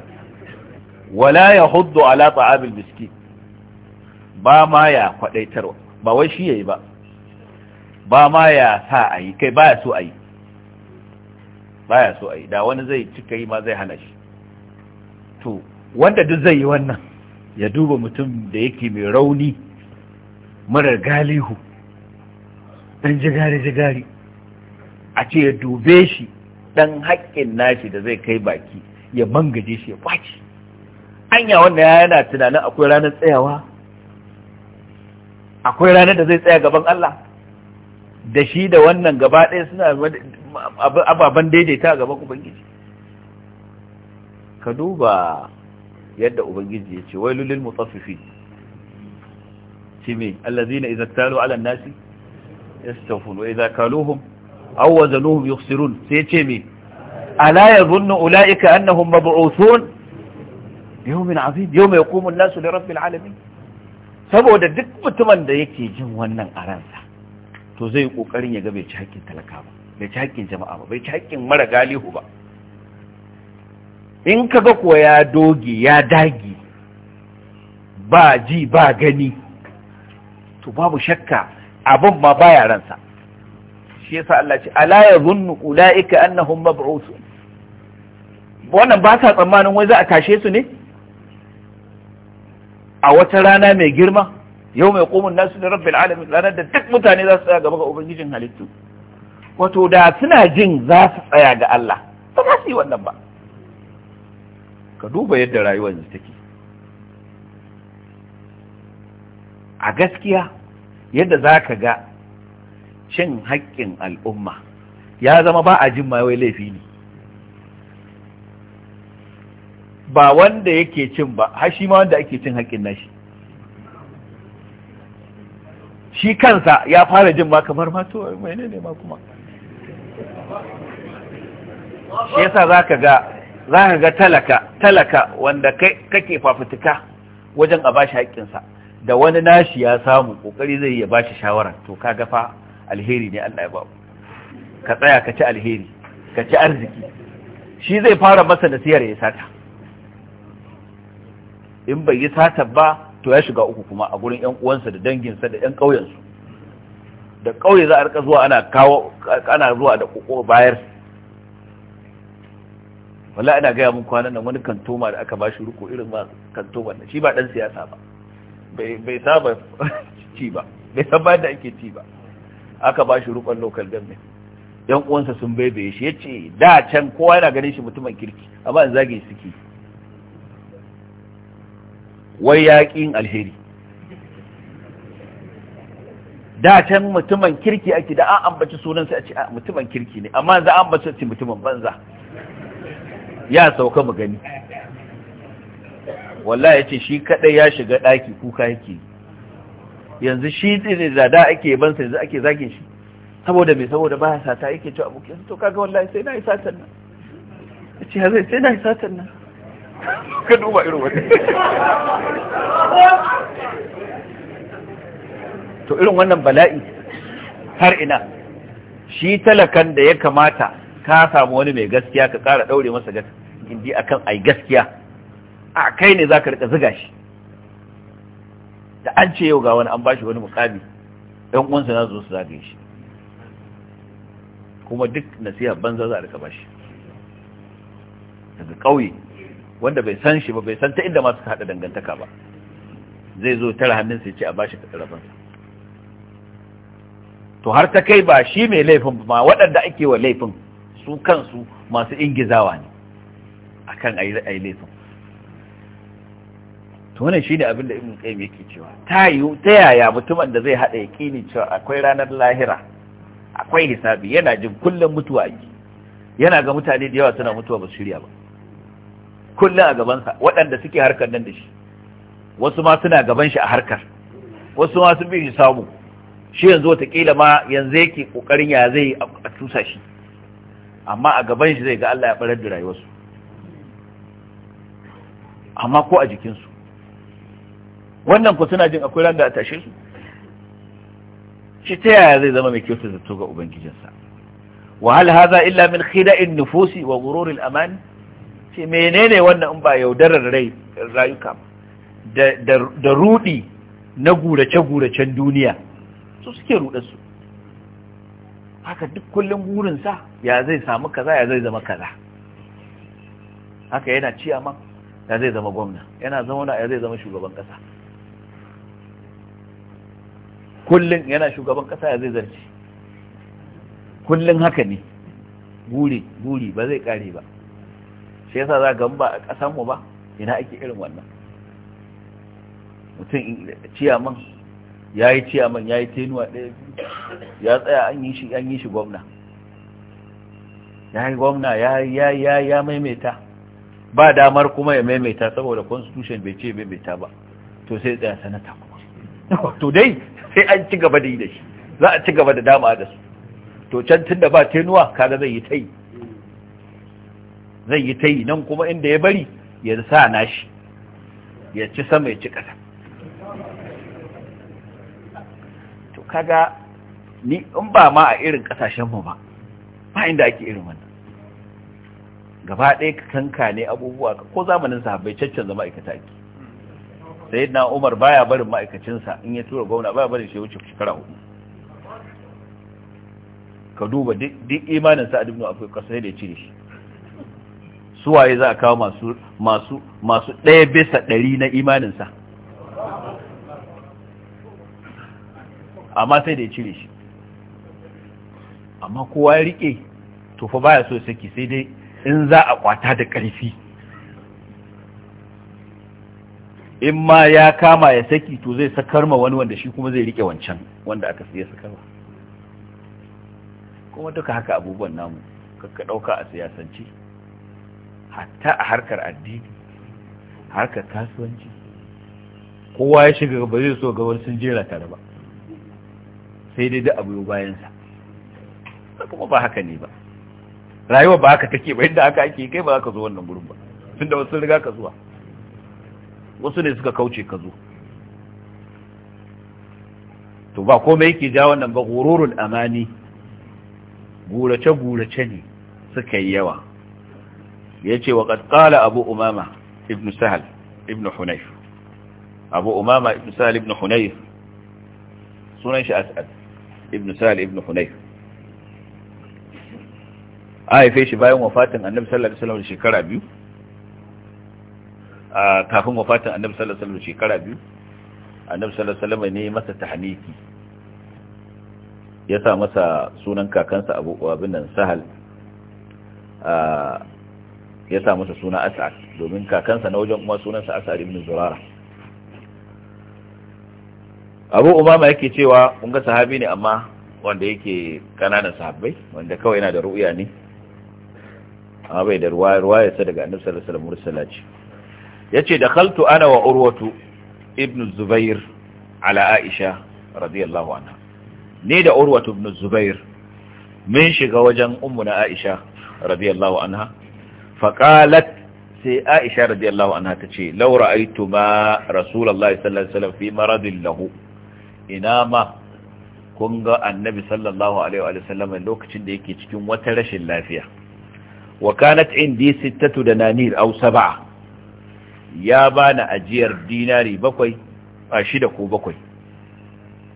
wala ya hudu ala ta'abil miski ba ma ya kwadaitarwa ba wai shi yayi ba ba ma ya sa a yi kai ba ya so a yi baya so a yi da wani zai cika yi ma zai hana shi to wanda duk zai yi wannan ya duba mutum da yake mai rauni marar galihu dan jigari-jigari a ce ya dube shi ɗan haƙƙin nashi da zai kai baki ya mangaje shi ya kwaci anya wanda yana tunanin akwai ranar tsayawa akwai ranar da zai tsaya gaban Allah da shi da wannan gaba ɗaya suna ababen daidaita a gaban ubangiji ka duba yadda ubangiji ya ce wai lullul mutsaffifi Ci mai allazina iza talu ala nasi yastawfun wa idza kaluhum aw wazanuhum yukhsirun sai ce mai ala yadhunnu ulaika annahum mab'uthun yawmin azim yawma yaqumu an-nasu li rabbil alamin saboda duk mutumin da yake jin wannan aransa to zai kokarin ya ga bai ci hakkin talaka ba bai ci hakkin jama'a ba bai ci hakkin mara galihu ba in ka ga kuwa ya doge ya dagi ba ji ba gani to babu shakka abin ma baya ransa shi yasa Allah ce ala yazunnu ulaika annahum mab'uthun wannan ba sa tsammanin wai za a tashe su ne a wata rana mai girma yau mai komun nasu da rabbi alamin ranar da duk mutane za su tsaya gaba ga ubangijin halittu wato da suna jin za su tsaya ga Allah ba za su yi wannan ba ka duba yadda rayuwar yanzu take a gaskiya yadda za ka ga cin haƙƙin al'umma ya zama ba a jin mawai laifi ne ba wanda yake cin ba har shi ma wanda ake cin haƙƙin nashi shi kansa ya fara jin ma kamar mato mai ne ma kuma shi yasa zaka ga ka ga talaka talaka wanda kake fafutuka wajen a bashi haƙƙinsa da wani nashi ya samu ƙoƙari zai ya bashi shawara to ka fa alheri ne Allah ya babu ka tsaya ka ci alheri ka ci arziki shi zai fara masa nasiyar ya sata in bai yi sata ba to ya shiga uku kuma a gurin yan uwansa da danginsa da yan ƙauyensu da ƙauye za a rika zuwa ana kawo ana zuwa da ƙoƙo bayar wallahi ina gaya mun kwanan nan wani kantoma da aka bashi ruko irin ba kantoman nan shi ba dan siyasa ba bai bai saba ci ba bai san ba da ake ci ba aka bashi rukon local government yan uwansa sun baibaye shi yace da can kowa yana ganin shi mutumin kirki amma an zage shi suke wai yaƙin alheri da can mutumin kirki ake da an ambaci sunansa a ce mutumin kirki ne amma za an ambaci ce mutumin banza ya sauka mu gani wallahi ya ce shi kadai ya shiga ɗaki kuka yake yanzu shi ne da da ake bansa yanzu ake zagin shi saboda mai saboda ba sata yake cewa abokin to kaga wallahi sai na yi satan nan ya ce zai sai na yi satan nan ka duba irin wani to irin wannan bala'i har ina shi talakan da ya kamata ka samu wani mai gaskiya ka kara daure masa gindi akan ai gaskiya a kai ne zaka rika ziga shi da an ce yau ga wani an bashi wani mukami ɗan uwansa na zo su zage shi kuma duk nasiha banza za a rika bashi daga ƙauye wanda bai san shi ba bai san ta inda masu haɗa dangantaka ba zai zo tara hannun ya ce a bashi rabinsa to har ta kai ba shi mai laifin ba waɗanda ake wa laifin su kansu masu ingizawa ne a kan a yi laifin to wannan shi ne abin da ibn qayyim yake cewa ta yaya mutumin da zai haɗa kini cewa akwai ranar lahira akwai hisabi yana jin kullum mutuwa yana ga mutane da yawa suna mutuwa ba su shirya ba kullum a gabansa waɗanda suke harkar nan da shi wasu ma suna gaban shi a harkar wasu ma sun bi shi samu shi yanzu wataƙila ma yanzu yake ƙoƙarin ya zai a tusa shi amma a gaban shi zai ga Allah ya ɓarar da rayuwarsu amma ko a jikinsu wannan ku suna jin akwai ran da a tashe su shi ta yaya zai zama mai kyautar zato ga ubangijinsa wa hal haza illa min khida'in nufusi wa ghururil amani ce menene wannan in ba yaudarar rai rayuka da rudi na gurace-guracen duniya su suke su haka duk kullum gurinsa ya zai samu kaza ya zai zama kaza haka yana ciyaman ya zai zama gwamna yana zauna ya zai zama shugaban kasa kullum yana shugaban kasa ya zai zarci kullum haka ne guri guri ba zai kare ba shi yasa za ga ba a ƙasan mu ba ina ake irin wannan mutum ciyaman ya yi ciyaman ya yi tenuwa ɗaya ya tsaya an yi shi an yi shi gwamna ya yi gwamna ya ya ya ya maimaita ba damar kuma ya maimaita saboda constitution bai ce maimaita ba to sai tsaya sanata to dai sai an ci gaba da yi da shi za a ci gaba da dama da su to can tun da ba tenuwa kaga zai yi ta yi zai yi ta yi nan kuma inda ya bari ya sa nashi ya ci sama ya ci ƙasa to kaga ni in ba ma a irin ƙasashenmu ba ba inda ake irin wannan gaba ɗaya ka kanka ne abubuwa ko zamanin sahabbai caccanza ma'aikata ake sai na umar baya barin ma'aikacinsa in ya tura gwamna baya barin shi wuce shekara hudu ka duba duk imanin sa'ad ibn kasa kasai da ya cire shi suwaye za a kawo masu masu masu ɗaya bisa ɗari na imaninsa amma sai da ya cire shi amma kowa ya riƙe tofa baya so saki sai dai in za a kwata da ƙarfi in ma ya kama ya saki to zai sakar ma wani wanda shi kuma zai riƙe wancan wanda aka siya ba kuma duka haka abubuwan namu kakka ɗauka a siyasance hatta a harkar addini harkar kasuwanci kowa ya shiga ba zai so gabar sun jera tare ba sai dai da abu bayansa kuma ba haka ne ba rayuwa ba haka take ba inda haka ake kai ba za ka zo wannan gurin ba tun da wasu riga ka zuwa wasu ne suka kauce ka zo to ba komai yake ja wannan ba gururun amani gurace-gurace ne suka yi yawa yace wa qad qala abu umama ibn sahal ibn hunayf abu umama ibn sahal ibn hunayf sunan shi as'ad ibn sahal ibn hunayf haife shi bayan wafatin annabi sallar alaihi da shekara biyu a kafin wafatin annabi sallar alaihi da shekara biyu annabi sallar alaihi ne masa tahniki ya sa masa sunan kakansa abu abin nan sahal ya sa masa suna as'ad domin kakansa na wajen kuma sunansa as'ad ibn zurara abu umama yake cewa kun ga sahabi ne amma wanda yake kananan sahabbai wanda kawai yana da ru'ya ne amma bai da ruwa ruwa ya sa daga annabi sallallahu alaihi wasallam mursala ce yace dakhaltu ana wa urwatu ibn zubair ala aisha radiyallahu anha ni da urwatu ibn zubair mun shiga wajen ummu na aisha radiyallahu anha faƙalat sai aisha radiyallahu anha laura aitu ma fi maradin lahu ina ma kun ga annabi sallallahu alaihi lokacin da yake cikin wata rashin lafiya Wakanat, kanat indi sittatu dananir aw sab'a ya bani ajiyar dinari bakwai a shida ko bakwai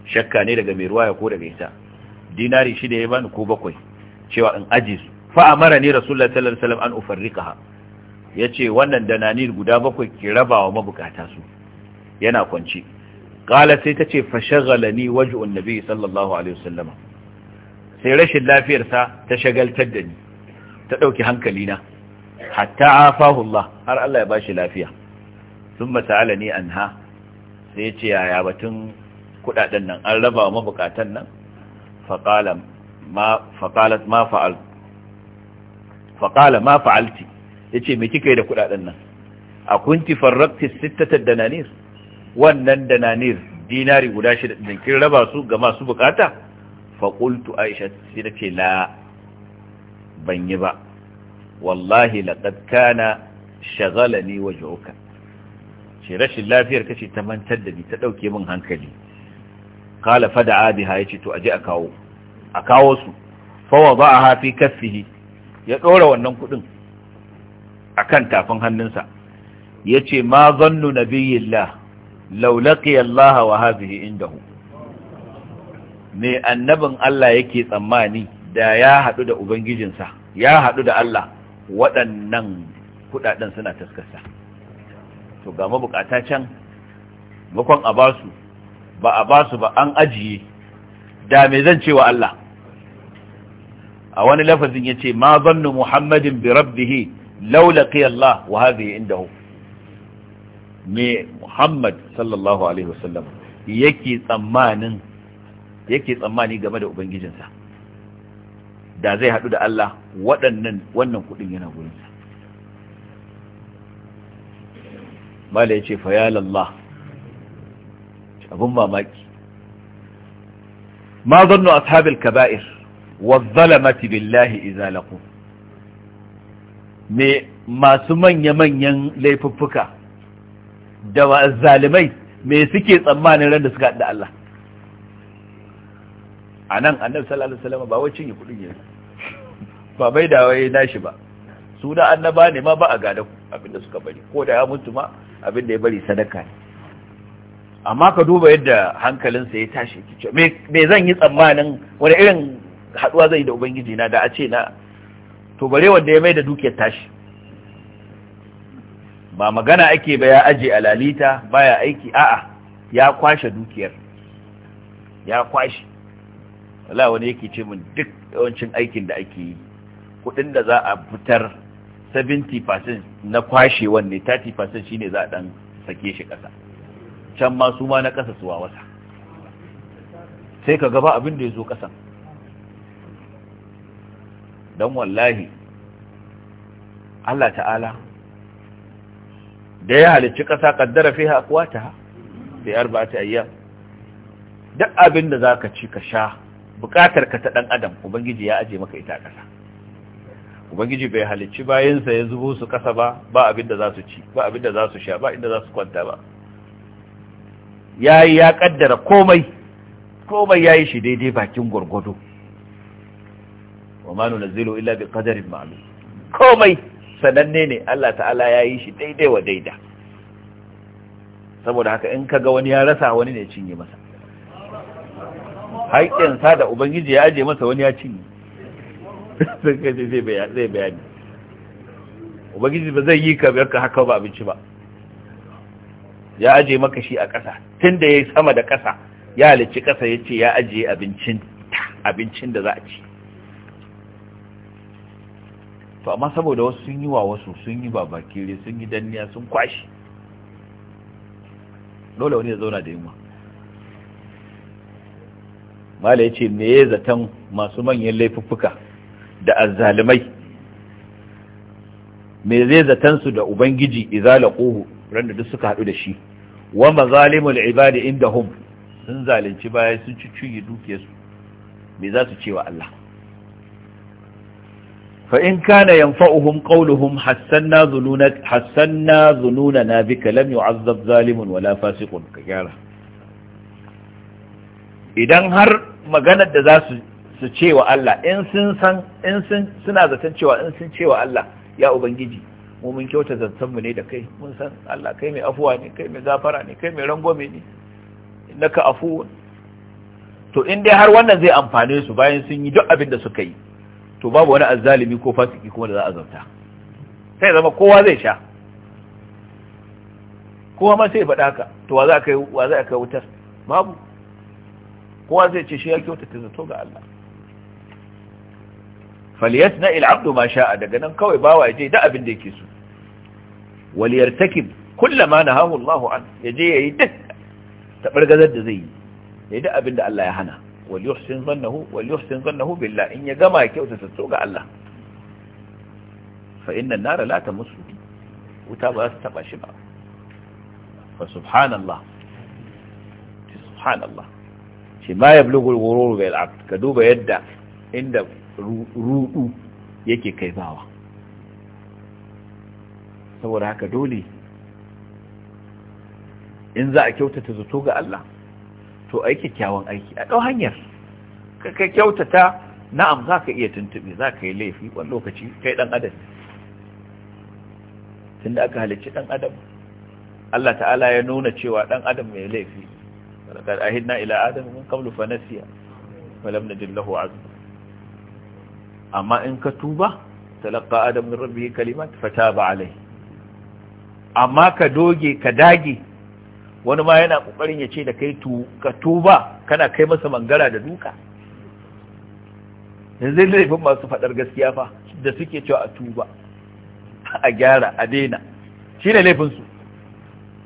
shakka ne daga mai ruwaya ko daga ita dinari shida ya bani ko bakwai cewa in aji su fa amara ni rasulullahi sallallahu alaihi wasallam an ufarrikaha yace wannan danani guda bakwai ke rabawa mabukata su yana kwanci qala sai tace fa shaghalani wajhu annabi sallallahu alaihi wasallam sai rashin lafiyar sa ta shagaltar da ni ta ɗauki hankali na hatta afahullah Allah har Allah ya bashi lafiya thumma sa'alani anha sai yace yaya batun kuɗaɗen nan an rabawa mabukatan nan fa qala ma ma fa'alt faƙala ma fa'alti ya ce mai kika yi da kuɗaɗen nan a kunti farrakti sittatar dananir wannan dananir dinari guda shida ɗin kin raba su ga masu bukata faƙultu aisha sai da ce la ban yi ba wallahi laqad kana shagalani wajhuka shi rashin lafiyar kace ta mantar da ni ta ɗauke min hankali qala fada'a ya ce to aje a kawo a kawo su fa a hafi kafihi ya ɗora wannan kuɗin a kan tafin hannunsa ya ce ma zannu na biyillah laulaƙi Allah wa inda indahu me annabin Allah yake tsammani da ya haɗu da Ubangijinsa ya haɗu da Allah waɗannan kuɗaɗen suna taskasa to ga mabukata can makon a basu ba a basu ba an ajiye da me zan cewa Allah a wani lafazin ce ma zannu muhammadin bi rabbih law laqiya Allah wa inda indahu me muhammad sallallahu alaihi wasallam yake tsammanin yake tsammani game da ubangijinsa da zai haɗu da Allah waɗannan wannan kuɗin yana gurinsa mala ya ce fayalallah abin mamaki ma zannu ashabil kaba'ir wazzalamati billahi idza laqu me masu manya-manyan laifuffuka da zalimai me suke tsammanin ran da suka da Allah a nan annabi sallallahu alaihi wasallam ba wacin ya kudin ne. ba bai da waye nashi ba su da annaba ne ma ba a gada abinda suka bari ko da ya mutu ma abinda ya bari sadaka ne amma ka duba yadda hankalinsa ya tashi me zan yi tsammanin wani irin haduwa zai da ubangiji na da a ce na to bare wanda ya mai da dukiyar tashi ba magana ake ba ya aje alalita baya aiki a'a ya kwashe dukiyar ya kwashe wala wani yake ce min duk yawancin aikin da ake yi kudin da za a fitar 70% na kwashe wanne 30% shine za a dan sake shi kasa can ma su ma na kasa suwa wasa sai ka gaba abin da ya zo kasan don wallahi Allah ta'ala da ya halicci ƙasa ƙaddara fi haƙuwa ta da ya arba ta ayyam duk abin da za ka ci ka sha buƙatar ka ta ɗan adam ubangiji ya aje maka ita ƙasa ubangiji bai halicci bayansa ya zubo su ƙasa ba ba abin da za su ci ba abin da za su sha ba inda za su kwanta ba ya yi ya ƙaddara komai komai ya yi shi daidai bakin gwargwado wa nunazzilu illa bi qadarin ma'lum komai sananne ne Allah ta'ala ya yi shi daidai wa daida saboda haka in kaga wani ya rasa wani ne cinye masa sa da ubangiji ya aje masa wani ya cinye sun kace zai bayani ubangiji ba zai yi ka biyar ka haka ba abinci ba ya aje maka shi a ƙasa tun da ya yi sama da ƙasa ya halicci ƙasa ya ce ya aje abincin da za a ci to amma saboda wasu sun yi wa wasu sun yi babakire sun yi danniya sun kwashi dole wani ya zauna da yunwa mala ya ce me ya zaton masu manyan laifuffuka da azzalumai me zai su da ubangiji izala ƙohu ran da duk suka haɗu da shi wa mazalimul ibadi inda hum sun zalunci baya sun ci cuyi dukiyarsu me za su ce wa Allah fa in kana yanfa'uhum qawluhum hassanna dhununa zununa na bika lam yu'azzab zalimun wala fasiqun ka gyara idan har maganar da za su ce wa Allah in sun san in sun suna zaton cewa in sun ce wa Allah ya ubangiji mu mun kyauta zantan mu ne da kai mun san Allah kai mai afuwa ne kai mai zafara ne kai mai rangwame ne naka afu? to in dai har wannan zai amfane su bayan sun yi duk abin da suka yi to babu wani azalimi ko fasiki kuma da za a zauta sai zama kowa zai sha kowa ma sai ya faɗa haka to wa za a kai wutar babu kowa zai ce shi ya kyautata zato ga Allah faliyat na il'abdu ma sha'a daga nan kawai bawa ya je da abin da yake so waliyar takib ma na hahu Allah an ya je ya yi duk taɓar gazar da zai yi ya yi duk abin da Allah ya hana وليحسن ظنه وليحسن ظنه بالله إن يجمع كيوت السوق الله فإن النار لا تمس وتبغى تبقى شبه فسبحان الله سبحان الله ما يبلغ الغرور غير العبد كدوب يدع عند رؤو يكي كيباوة سورها كدولي إن ذا كيوت السوق الله to ai kyakkyawan aiki a ɗau hanyar ka kyautata na'am za ka iya tuntuɓe za ka yi laifi wani lokaci kai ɗan adam tunda aka halicci ɗan adam Allah ta'ala ya nuna cewa ɗan adam mai laifi walaqad ahidna ila adam mun kamlu fa nasiya wa lam najid lahu azma amma in ka tuba talaqa adam min rabbihi kalimat taba alayhi amma ka doge ka dage wani ma yana kokarin ya ce da kai ka tuba kana kai masa mangara da duka yanzu laifin masu faɗar gaskiya fa da suke cewa a tuba a gyara a daina shi ne laifinsu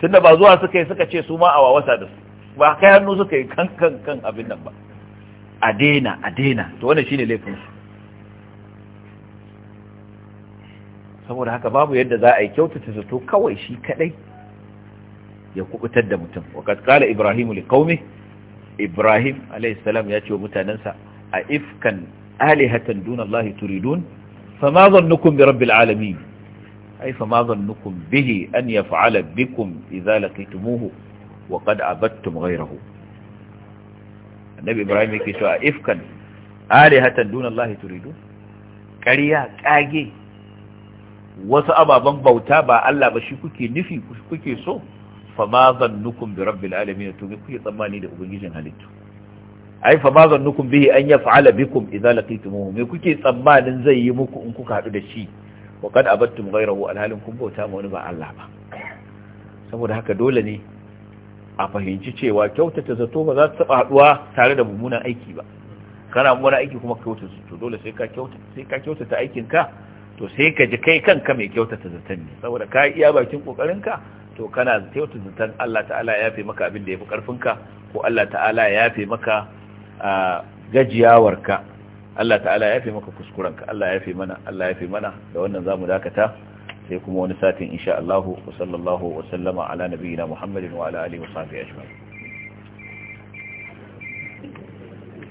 tunda ba zuwa suka yi suka ce su ma a wawasa da su ba kai hannu suka yi kan kan kan abin nan ba a daina a daina to wannan shi ne laifinsu saboda haka babu yadda za a yi kyautata zato kawai shi kadai ya kubutar da mutum waqad qala ibrahimu kaume. ibrahim alayhi salam ya ce wa mutanansa a ifkan alihatan duna allah turidun fama zannukum bi rabbil alamin ay fama zannukum bihi an ya yaf'ala bikum idza laqitumuhu waqad abattum ghayrahu annabi ibrahim yake a ifkan alihatan duna allah turidun ƙarya kage wasu ababen bauta ba Allah ba shi kuke nufi kuke so fa ma nukun bi rabbil alamin to kuke tsammani da ubangijin halittu ai fa ma bihi an yaf'ala bikum idza laqitumuhu me kuke tsammanin zai yi muku in kuka hadu da shi wa kad abattum ghayrahu alhalin kun bauta ma wani ba Allah ba saboda haka dole ne a fahimci cewa kyautata zato ba za ta taba haduwa tare da mummunan aiki ba kana mun aiki kuma kyautata zato dole sai ka kyautata sai ka kyautata aikin ka to sai ka ji kai kanka mai kyautata zaton ne saboda ka iya bakin kokarin ka to kana kyautu zaton Allah ta'ala ya fi maka abin da ya fi ƙarfinka ko Allah ta'ala ya fi maka gajiyawarka Allah ta'ala ya fi maka kuskuranka Allah ya fi mana Allah ya fi mana da wannan zamu dakata sai kuma wani satin insha Allah wa sallallahu wa sallama ala nabiyyina Muhammadin wa ala alihi wa sahbihi ajma'in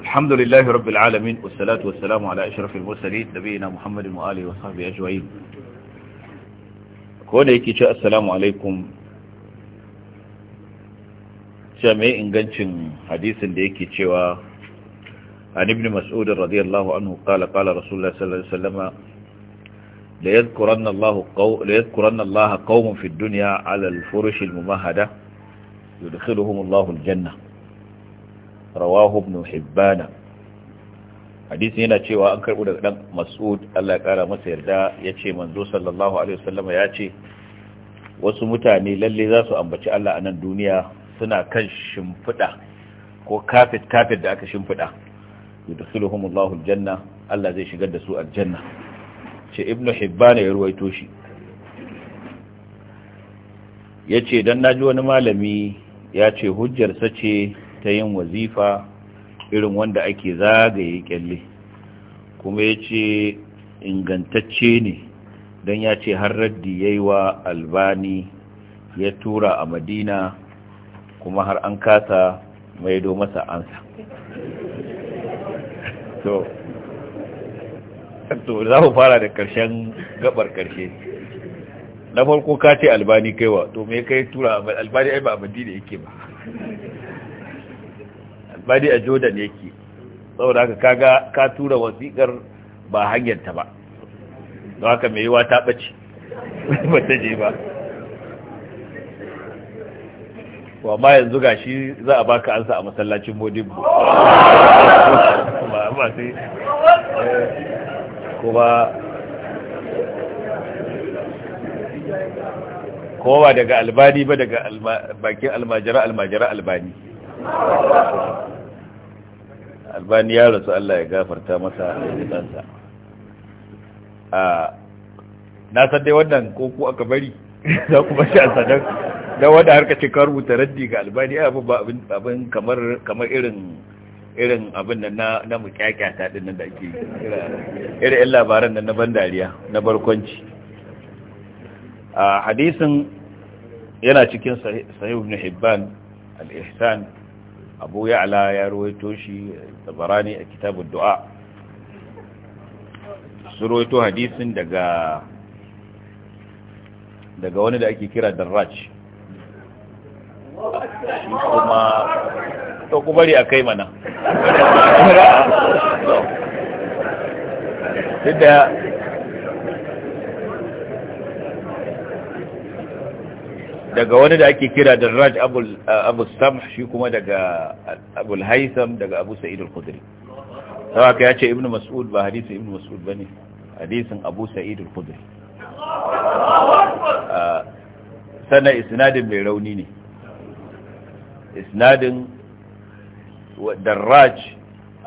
Alhamdulillahi rabbil alamin was salatu was salamu ala ashrafil mursalin nabiyyina Muhammadin wa alihi wa sahbihi ajma'in ko da yake ce assalamu alaikum cewa mai ingancin hadisin da yake cewa an ibn mas'ud radiyallahu anhu qala qala rasulullah sallallahu alaihi wasallam la yadhkuranna Allah qaw la yadhkuranna Allah qaumun fi dunya 'ala al-furush al-mumahhada yudkhiluhum Allah al-janna rawahu ibn Hibban hadisi yana cewa an karbu daga dan mas'ud Allah ya kara masa yarda yace manzo sallallahu alaihi wasallam ya ce wasu mutane lalle za su ambaci Allah a nan duniya suna kan shimfida ko kafet kafet da aka shimfida yudkhiluhumullahu aljanna Allah zai shigar da su aljanna ce ibnu hibban ya ruwaito shi yace dan naji wani malami yace ce hujjarsa ce ta yin wazifa irin wanda ake zagaye kyalle kuma ya ce ingantacce ne don ya ce har raddi ya yi wa albani ya tura a madina kuma har an kasa maido masa ansa so to za mu fara da karshen gabar karshe na farko ka ce albani kaiwa to me kai tura albani ai ba a madina yake ba ba dai a jordan yake saboda haka kaga ka tura wasiƙar ba hanyarta ba don haka mai yiwa ta ɓace ba ta je ba wa ma yanzu ga shi za a baka ansa a masallacin modibbo ba ba sai eh, kuma kowa daga albani ba daga bakin almajira almajira albani albani ya rasu Allah ya gafarta masa da a na san dai wannan koko aka bari za ku bashi a sadar da wadda harka ce ka rubuta raddi ga albani ya abu abin kamar kamar irin irin abin da na na ta din nan da ake irin irin labaran da na ban dariya na barkwanci a hadisin yana cikin sahih ibn hibban al-ihsan abu ya ala ya ruwaito shi tabarani a kitabun du'a su ruwaito hadisin daga daga wani da ake kira darraj kuma to ku bari a kai mana duk da daga wani da ake kira da raj abu uh, sam shi kuma daga abu haitham daga abu sa'id al-khudri saboda ya ce ibn mas'ud ba hadisin Ibn mas'ud bane hadisin abu sa'id al-khudri uh, sannan isnadin mai rauni ne isnadin raj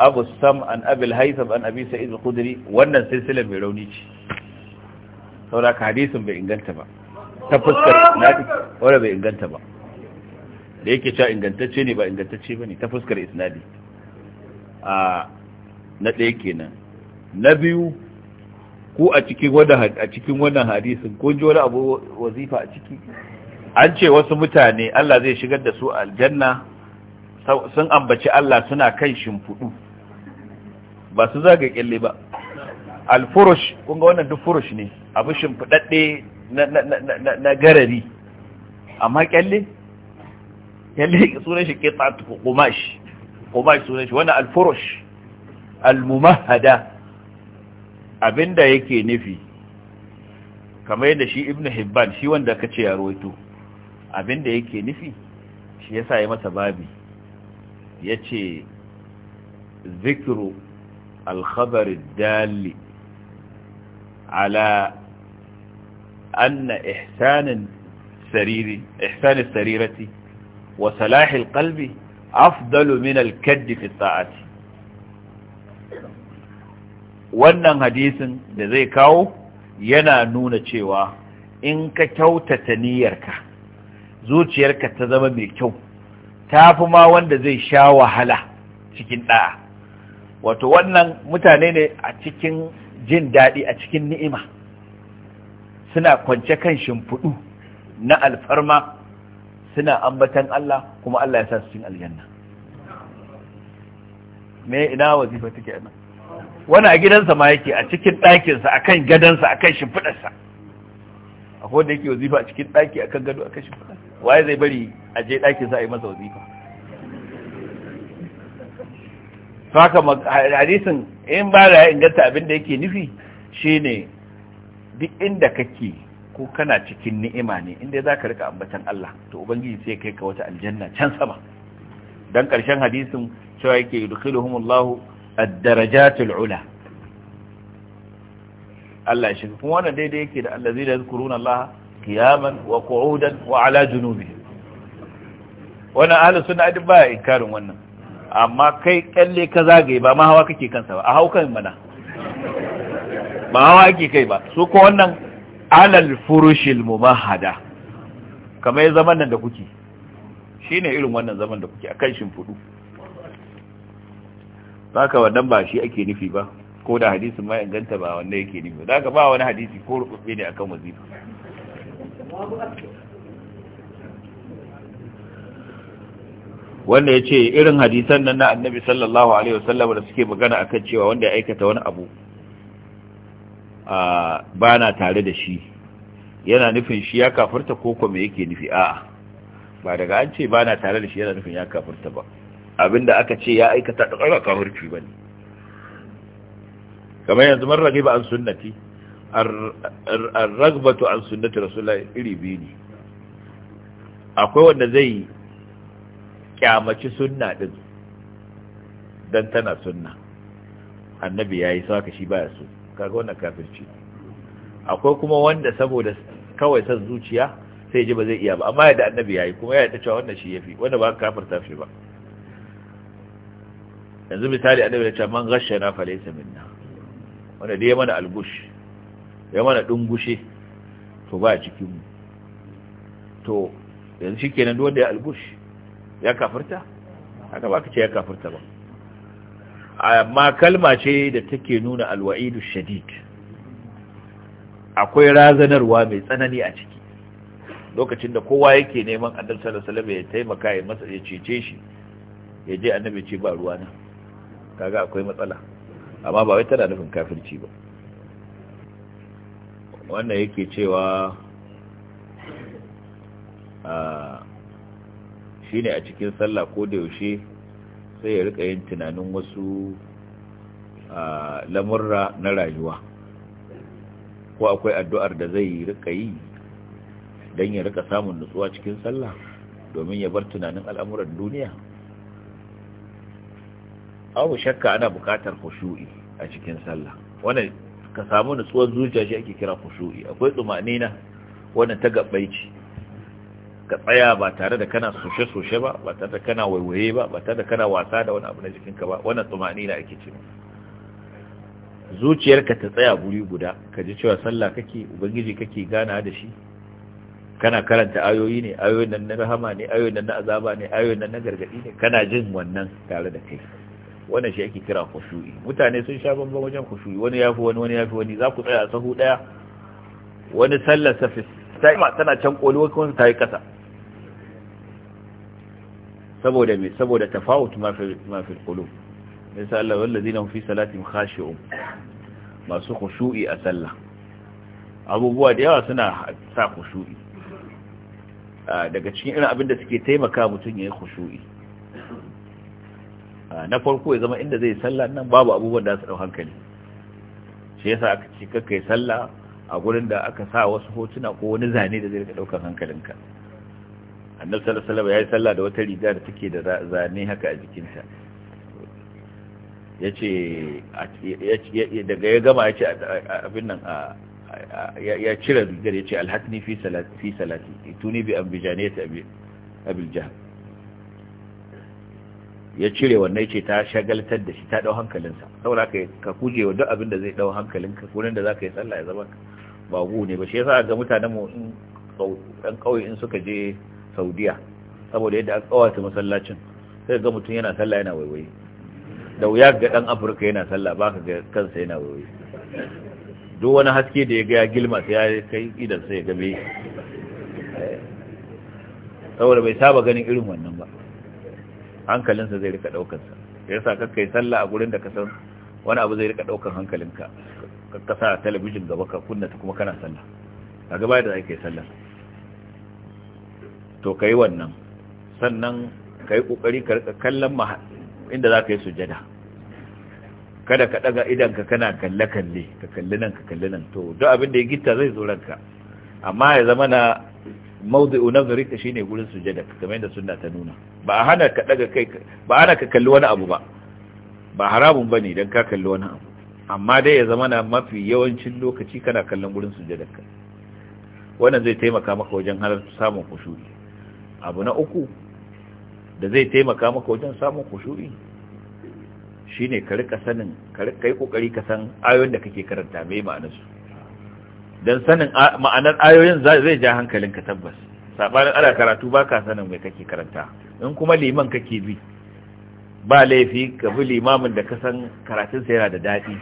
abu sam an abu haitham an abu sa'id al-khudri wannan silsilar mai rauni ce sauraka hadisin bai inganta ba ta fuskar isnadi wanda bai inganta ba da yake cewa ingantacce ne ba ingantacce ba ne ta fuskar isnadi a na ɗaya kenan na biyu ku a cikin wannan a cikin wannan hadisin ko ji wani abu wazifa a ciki an ce wasu mutane Allah zai shigar da su aljanna sun ambaci Allah suna kan shimfudu ba su zaga kyalle ba alfurush kun ga wannan duk furush ne abu shimfudadde na garari amma kyalle kyalle sunan shi ke kitsa kumash kumash sunan shi wani alfurush almumahada abinda yake nufi kamar yadda shi ibn hibban shi wanda ka ce ya roito abinda yake nufi shi ya sa ya masa babi ya ce zikiru alkhabarin dali ala أن إحسان السرير إحسان السريرة وصلاح القلب أفضل من الكد في الطاعة wannan hadisin da zai kawo yana nuna cewa in ka kyautata niyyarka zuciyarka ta zama mai kyau ta fi ma wanda zai sha wahala cikin ɗaya wato wannan mutane ne a cikin jin daɗi a cikin ni'ima suna kwance kan shimfiɗu na alfarma suna ambatan Allah kuma Allah ya sa su cin aljanna me ina wazifa take nan wani a gidansa ma yake a cikin ɗakinsa a kan gadansa a kan shimfiɗarsa a wanda yake wazifa a cikin ɗaki a kan gado a kan shimfiɗa waye zai bari a je ɗakinsa a yi masa wazifa haka hadisin in ba da ya inganta abin da yake nufi shine duk inda kake ko kana cikin ni'ima ne inda za ka rika ambatan Allah to ubangiji sai kai ka wata aljanna can sama dan karshen hadisin cewa yake yudkhiluhumullahu ad-darajatul ula Allah shi kuma wannan daidai yake da allazi da yadhkuruna Allah qiyaman wa qu'udan wa ala junubihim wannan ahlus sunna duk ba inkarin wannan amma kai kalle ka zagaye ba ma hawa kake kansa ba a haukan mana ba hawa ake kai ba su ko wannan alal furushil mumahada kamar zaman nan da kuke shine irin wannan zaman da kuke akan shimfudu zaka wannan ba shi ake nufi ba ko da hadisin mai inganta ba wanda yake nufi ba? zaka ba wani hadisi ko rubutse ne akan wazifa wanda ya ce irin hadisan nan na annabi sallallahu alaihi wasallam da suke magana akan cewa wanda ya aikata wani abu ba na tare da shi yana nufin shi ya kafirta ko kuma yake nufi a'a ba daga an ce ba na tare da shi yana nufin ya kafirta ba abinda aka ce ya aikata da ƙarfa kafirci ba ne kamar yanzu man rage ba an sunnati an ragbatu an sunnati rasulullah iri biyu ne akwai wanda zai kyamaci sunna din don tana sunna annabi ya yi sa, ka shi baya sunna kaga wannan kafirci akwai kuma wanda saboda kawai san zuciya sai ji ba zai iya ba amma yadda annabi yayi kuma ya yarda cewa wannan shi yafi wanda ba kafirta fi ba yanzu misali annabi ya ce man ghashana fa laysa minna wanda dai mana algush ya mana dungushe to ba cikin mu to yanzu shikenan duk wanda ya algush ya kafirta haka ba ka ce ya kafirta ba amma kalma ce da take nuna alwa'idu shadid akwai razanarwa mai tsanani a ciki lokacin da kowa yake neman annabi sallallahu alaihi wasallam ya taimaka ya masa ya cece shi ya je annabi ce ba ruwa na kaga akwai matsala amma ba wai tana nufin kafirci ba wannan yake cewa a ah, shine a cikin sallah ko da yaushe sai ya rika yin tunanin wasu lamurra na rayuwa ko akwai addu'ar da zai rika yi don ya rika samun nutsuwa cikin sallah domin ya bar tunanin al'amuran duniya abu shakka ana bukatar kushu'i a cikin sallah wannan ka samu nutsuwar zuciya shi ake kira kushu'i akwai tsumanina wannan ta gabbai ka tsaya ba tare da kana soshe-soshe ba ba tare da kana waiwaye ba ba tare da kana wasa da wani abu na jikinka ba wannan tsumani na ake ce. zuciyarka ta tsaya guri guda ka ji cewa sallah kake ubangiji kake gana da shi kana karanta ayoyi ne ayoyin nan na rahama ne ayoyin nan na azaba ne ayoyin nan na gargadi ne kana jin wannan tare da kai wannan shi ake kira khushu'i mutane sun sha bamban wajen khushu'i wani yafi wani wani yafi wani za ku tsaya a sahu daya wani sallar safis sai ma tana can koli wani kuma ta yi kasa saboda mai saboda tafawut mafi kulu ya fi qulub fi salatin khashi'un masu khushu'i a sallah abubuwa da yawa suna sa khushu'i daga cikin irin abin suke taimaka mutum ya yi kushu'i. na farko ya zama inda zai sallah nan babu abubuwan da su ɗau hankali shi sa aka ce sallah a gurin da aka sa wasu hotuna ko wani zane da zai ɗaukar hankalinka annabi sallallahu alaihi wasallam yayi sallah da wata riga da take da zane haka a jikinta yace daga ya gama yace abin nan a ya cire rigar yace alhatni fi salati fi salati tuni bi ambijaniyati abi abil jahl ya cire wannan ce ta shagaltar da shi ta dau hankalinsa saboda ka ka kuje wa duk abin da zai dau hankalin ka gurin da zaka yi sallah ya zama ba ne ba shi yasa ga mutanen mu in ɗan ƙauye in suka je saudiya saboda yadda aka kawata masallacin sai ga mutum yana sallah yana waiwai da wuya ga dan afirka yana sallah ba ka ga kansa yana waiwai duk wani haske da ya ga ya gilma sai ya kai idan sai ya gabe saboda bai saba ganin irin wannan ba hankalinsa zai rika sa ya sa kai sallah a gurin da ka san wani abu zai rika daukar hankalinka ka kasa talabijin gaba ka kunna ta kuma kana sallah a gaba da ake sallah to kai wannan sannan kai kokari ka rika kallon inda za ka yi sujada kada ka daga ka kana kalle kalle ka kalli nan ka kalli nan to duk abin da ya gitta zai zo ranka amma ya zama na mawdu'u ka shine gurin sujada kamar yadda sunna ta nuna ba a hana ka daga kai ba ana ka kalli wani abu ba ba haramun bane dan ka kalli wani abu amma dai ya zama na mafi yawancin lokaci kana kallon gurin ka wannan zai taimaka maka wajen har samun kushuri abu na uku da zai taimaka maka wajen samun kushuri shine ka rika sanin ka yi kokari ka san ayoyin da kake karanta me ma'anar su sanin ma'anar ayoyin zai ja hankalinka tabbas sabanin ana karatu ba ka sanin mai kake karanta in kuma liman kake bi ba laifi ka bi limamin da ka san karatun sa yana da daɗi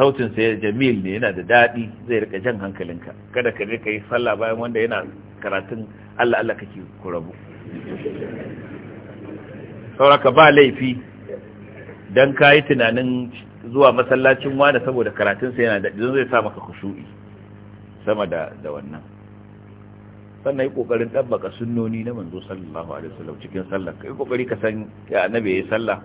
sautin sa jamil ne yana da daɗi zai rika jan hankalinka kada ka je yi sallah bayan wanda yana karatun Allah Allah kake ku rabu sauraka ba laifi don ka yi tunanin zuwa masallacin wani saboda karatunsa yana daɗi zai sa maka kusuri sama da wannan sannan yi ƙoƙarin ɗabbaka sunnoni na manzo sallallahu alaihi wasallam cikin sallah ka yi ƙoƙari ka san ya annabi yayi sallah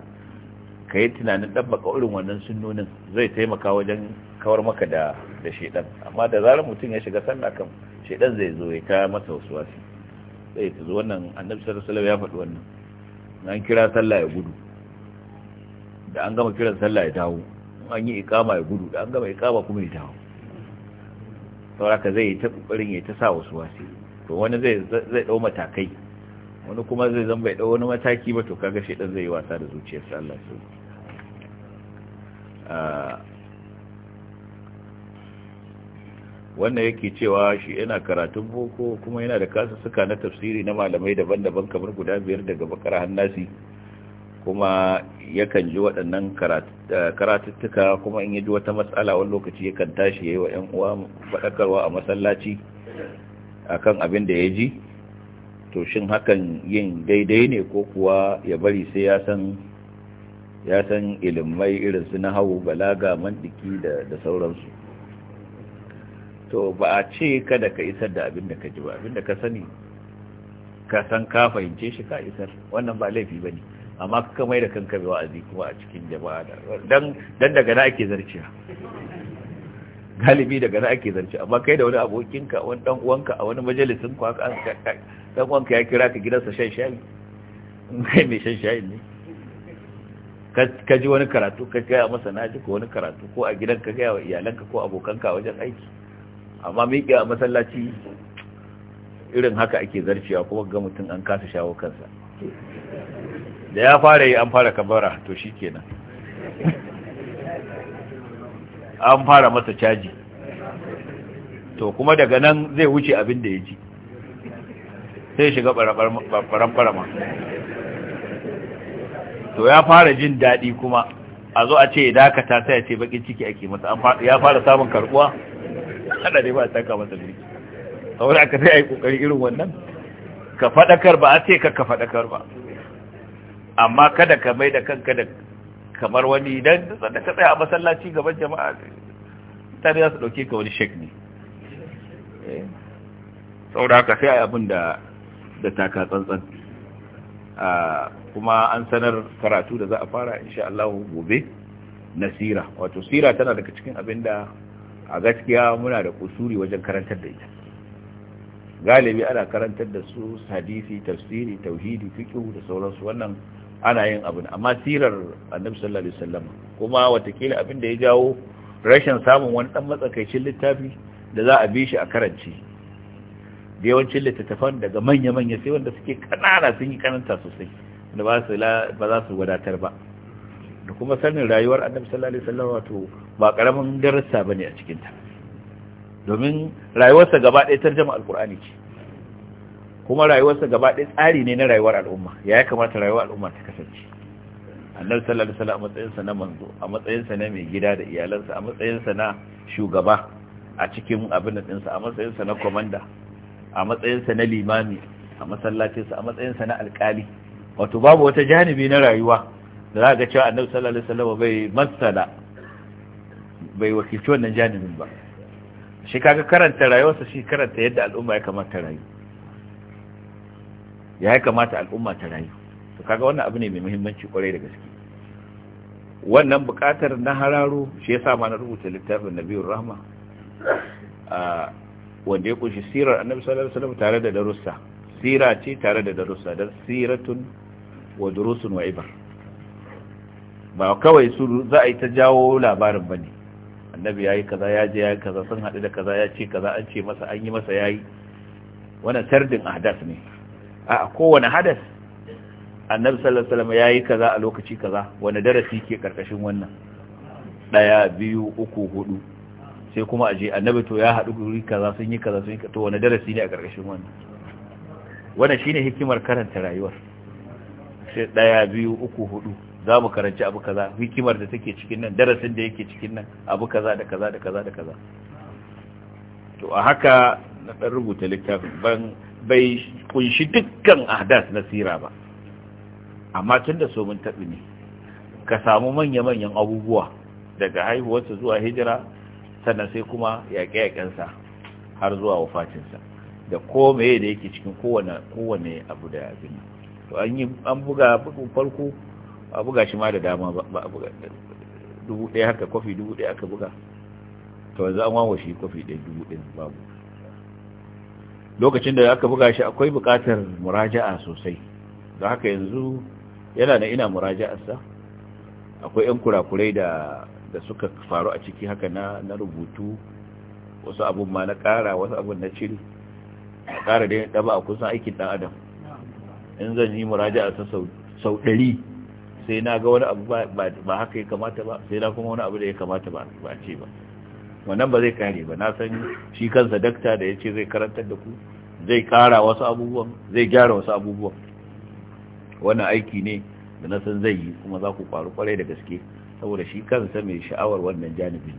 ka yi tunanin ɗabbaka irin wannan sunnonin zai taimaka wajen kawar maka da da shedan amma da zarar mutum ya shiga sallah kan shedan zai zo ya ta masa wasu wasi tsaye ta wannan annabi sallallahu alaihi ya faɗi wannan an kira sallah ya gudu da an gama kiran sallah ya dawo an yi ikama ya gudu da an gama ikama kuma ya dawo ka zai yi ta kokarin ya ta sa wasu wasi to wani zai zai dau matakai wani kuma zai zan bai dau wani mataki ba to kaga shedan zai yi wasa da zuciyar sallah sai wannan yake cewa shi yana karatun boko kuma yana da kasussuka na tafsiri na malamai daban-daban kamar guda biyar daga bakara hannasi kuma yakan ji waɗannan eh, karatuttuka kuma in yaji wata matsala wani lokaci yakan tashi ya yi wa 'yan uwa faɗakarwa a masallaci kan abin da ya ji to shin hakan yin daidai ne ko kuwa ya bari sai ya san ya san ilimai irin su na hau balaga mantiki da sauransu to ba a ce kada ka isar da abin da ka ji ba abin da ka sani ka san ka fahimce shi ka isar wannan ba laifi ba ne amma ka mai da kanka bai wa'azi kuma a cikin jama'a don dan daga na ake zarciya galibi daga na ake zarciya amma kai da wani abokinka wani dan uwanka a wani majalisin ku haka dan uwanka ya kira ka gidansa shan shayi kai mai shan shayi ne ka ji wani karatu ka gaya masa na ji ko wani karatu ko a gidanka gaya wa iyalanka ko abokanka a wajen aiki amma miƙe a masallaci irin haka ake zarciya kuma ga mutum an kasa shawo kansa da ya fara yi an fara kabara to shi kenan an fara masa caji to kuma daga nan zai wuce abin da ya ji sai shiga ɓaran ma to ya fara jin daɗi kuma a zo a ce ya dakata sai ya ce bakin ciki ake masa ya fara samun karɓuwa ana ne ba a tanka masa birki saboda aka sai a yi kokari irin wannan ka faɗakar ba a ce ka ka faɗakar ba amma kada ka mai da kanka da kamar wani idan da ka tsaya a masallaci gaban jama'a mutane za su ɗauke ka wani shek ne eh? saboda haka sai a yi abin da da taka tsantsan kuma an sanar karatu da za a fara insha Allah gobe na sira wato sira tana daga cikin abin da a gaskiya muna da kusuri wajen karantar da ita galibi ana karantar da su hadisi tafsiri tauhidi fiqh da sauransu wannan ana yin abin amma sirar annabi sallallahu alaihi wasallam kuma watakila abin da ya jawo rashin samun wani dan matsakaicin littafi da za a bi shi a karanci da yawancin littattafan daga manya-manya sai wanda suke kanana sun yi karanta sosai da ba za su wadatar ba da kuma sanin rayuwar annabi sallallahu alaihi wasallam wato ba karamin darasa bane a cikin ta domin rayuwarsa gaba ɗaya tarjuma alqur'ani ce kuma rayuwarsa gaba ɗaya tsari ne na rayuwar al'umma ya kamata rayuwar al'umma ta kasance annabi sallallahu alaihi wasallam a matsayinsa na manzo a matsayinsa na mai gida da iyalansa a matsayinsa na shugaba a cikin abin ɗinsa a matsayinsa na komanda a matsayinsa na limami a masallacinsa a matsayinsa na alkali wato babu wata janibi na rayuwa da za ga cewa annabi sallallahu alaihi wasallam bai matsala bai wakilci wannan janibin ba shi kaga karanta rayuwarsa shi karanta yadda al'umma ya kamata rayu ya kamata al'umma ta rayu to kaga wannan abu ne mai muhimmanci kwarai da gaske wannan bukatar na hararo shi yasa ma na rubuta littafin Nabiyur Rahma a wanda ya kunshi sirar Annabi sallallahu alaihi wasallam tare da darussa sira ce tare da darussa dar siratun wa durusun wa ibar ba kawai su za a yi ta jawo labarin ba ne annabi ya yi kaza ya je ya yi kaza sun haɗu da kaza ya ce kaza an ce masa an yi masa ya yi wani tardin a hadas ne a kowane hadas annabi sallallahu alaihi wasallam ya yi kaza a lokaci kaza wani darasi ke karkashin wannan ɗaya biyu uku hudu sai kuma a je annabi to ya haɗu guri kaza sun yi kaza sun yi to wani darasi ne a karkashin wannan wannan shine hikimar karanta rayuwar sai ɗaya biyu uku hudu za mu karanci abu kaza hikimar da take cikin nan darasin da yake cikin nan abu kaza da kaza da kaza da kaza to a haka na ɗan rubuta littafin ban bai kunshi dukkan ahdas na sira ba amma tun da so mun taɓi ne ka samu manya-manyan abubuwa daga haihuwarsa zuwa hijira sannan sai kuma yaƙe-yaƙensa har zuwa wafatinsa da komai da yake cikin kowane abu da abin to an yi an buga farko a buga shi ma da dama ba a buga dubu ɗaya haka kofi dubu ɗaya aka buga ta wanzu an wawo shi kofi ɗaya dubu ɗaya babu lokacin da aka buga shi akwai buƙatar muraja'a sosai da haka yanzu yana da ina muraja'arsa akwai 'yan kurakurai da da suka faru a ciki haka na na rubutu wasu abun ma na ƙara wasu abun na cire a ƙara da ɗaba a kusan aikin ɗan adam in zan yi muraja'a sau ɗari sai na ga wani abu ba haka ya kamata ba sai na kuma wani abu da ya kamata ba a ce ba wannan ba zai kare ba na san shi kansa dakta da ya ce zai karantar da ku zai kara wasu abubuwan zai gyara wasu abubuwan wannan aiki ne da na san zai yi kuma za ku kwaru kwarai da gaske saboda shi kansa mai sha'awar wannan janibin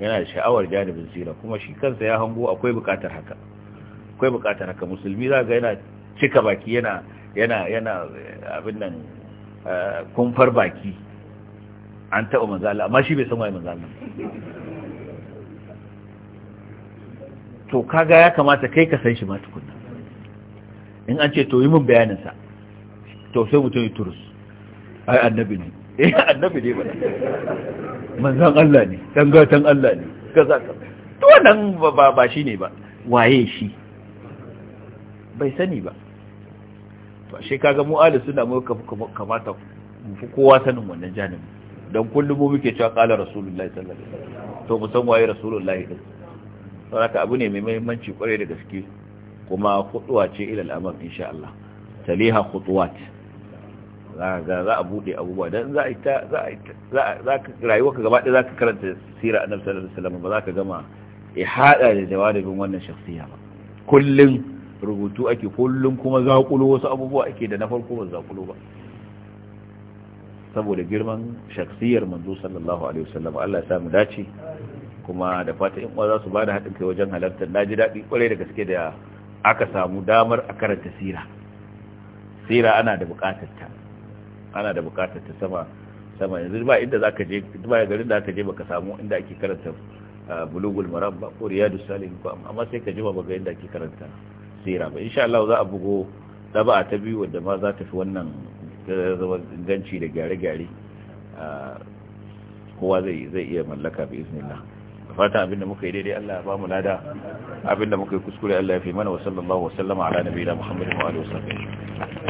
yana da sha'awar janibin sira kuma shi kansa ya hango akwai bukatar haka akwai bukatar haka musulmi za ga yana cika baki yana yana yana abin nan kumfar baki an taɓa manzala amma shi bai san waye manzala to kaga ya kamata kai ka san shi ma tukunna in an ce to yi min bayaninsa to sai mutum yi turus ai annabi ne eh annabi ne ba. manzan Allah ne gatan Allah ne kaza ka to nan ba ba shi ne ba waye shi bai sani ba to ashe kaga mu ahli sunna mu kamata mu fi kowa sanin wannan janibi dan kullum mu muke cewa qala rasulullahi sallallahu alaihi wasallam to mu san waye rasulullahi din saboda abu ne mai muhimmanci kwarai da gaske kuma khutwa ce ila al'amr insha Allah taliha khutwat za za a bude abubuwa dan za a za a za ka rayuwa ka gaba za ka karanta sirar annabi sallallahu alaihi wasallam ba za ka gama ihada da jawabin wannan shakhsiya ba kullum rubutu ake kullum kuma zakulo wasu abubuwa ake da na farko ba zakulo ba saboda girman shaksiyar manzo sallallahu alaihi wasallam Allah ya mu dace kuma da fata in uwa za su bada hadin kai wajen halartar naji dadi kware da gaske da aka samu damar a karanta sira sira ana da bukatar ta ana da bukatar ta sama sama yanzu ba inda zaka je ba garin da aka je baka samu inda ake karanta ah, bulugul maram ba ko riyadus salihin ko amma sai ka ji ba ga inda ake karanta basira ba insha Allah za a bugo ɗaba'a ta biyu wadda ma za ta fi wannan ganci da gyare-gyare kowa zai iya mallaka bi iznillah fata abinda muka yi daidai Allah ya ba mu lada abinda muka yi kuskure Allah ya fi mana wa sallallahu wa sallama ala nabiyina Muhammadin wa alihi wa sahbihi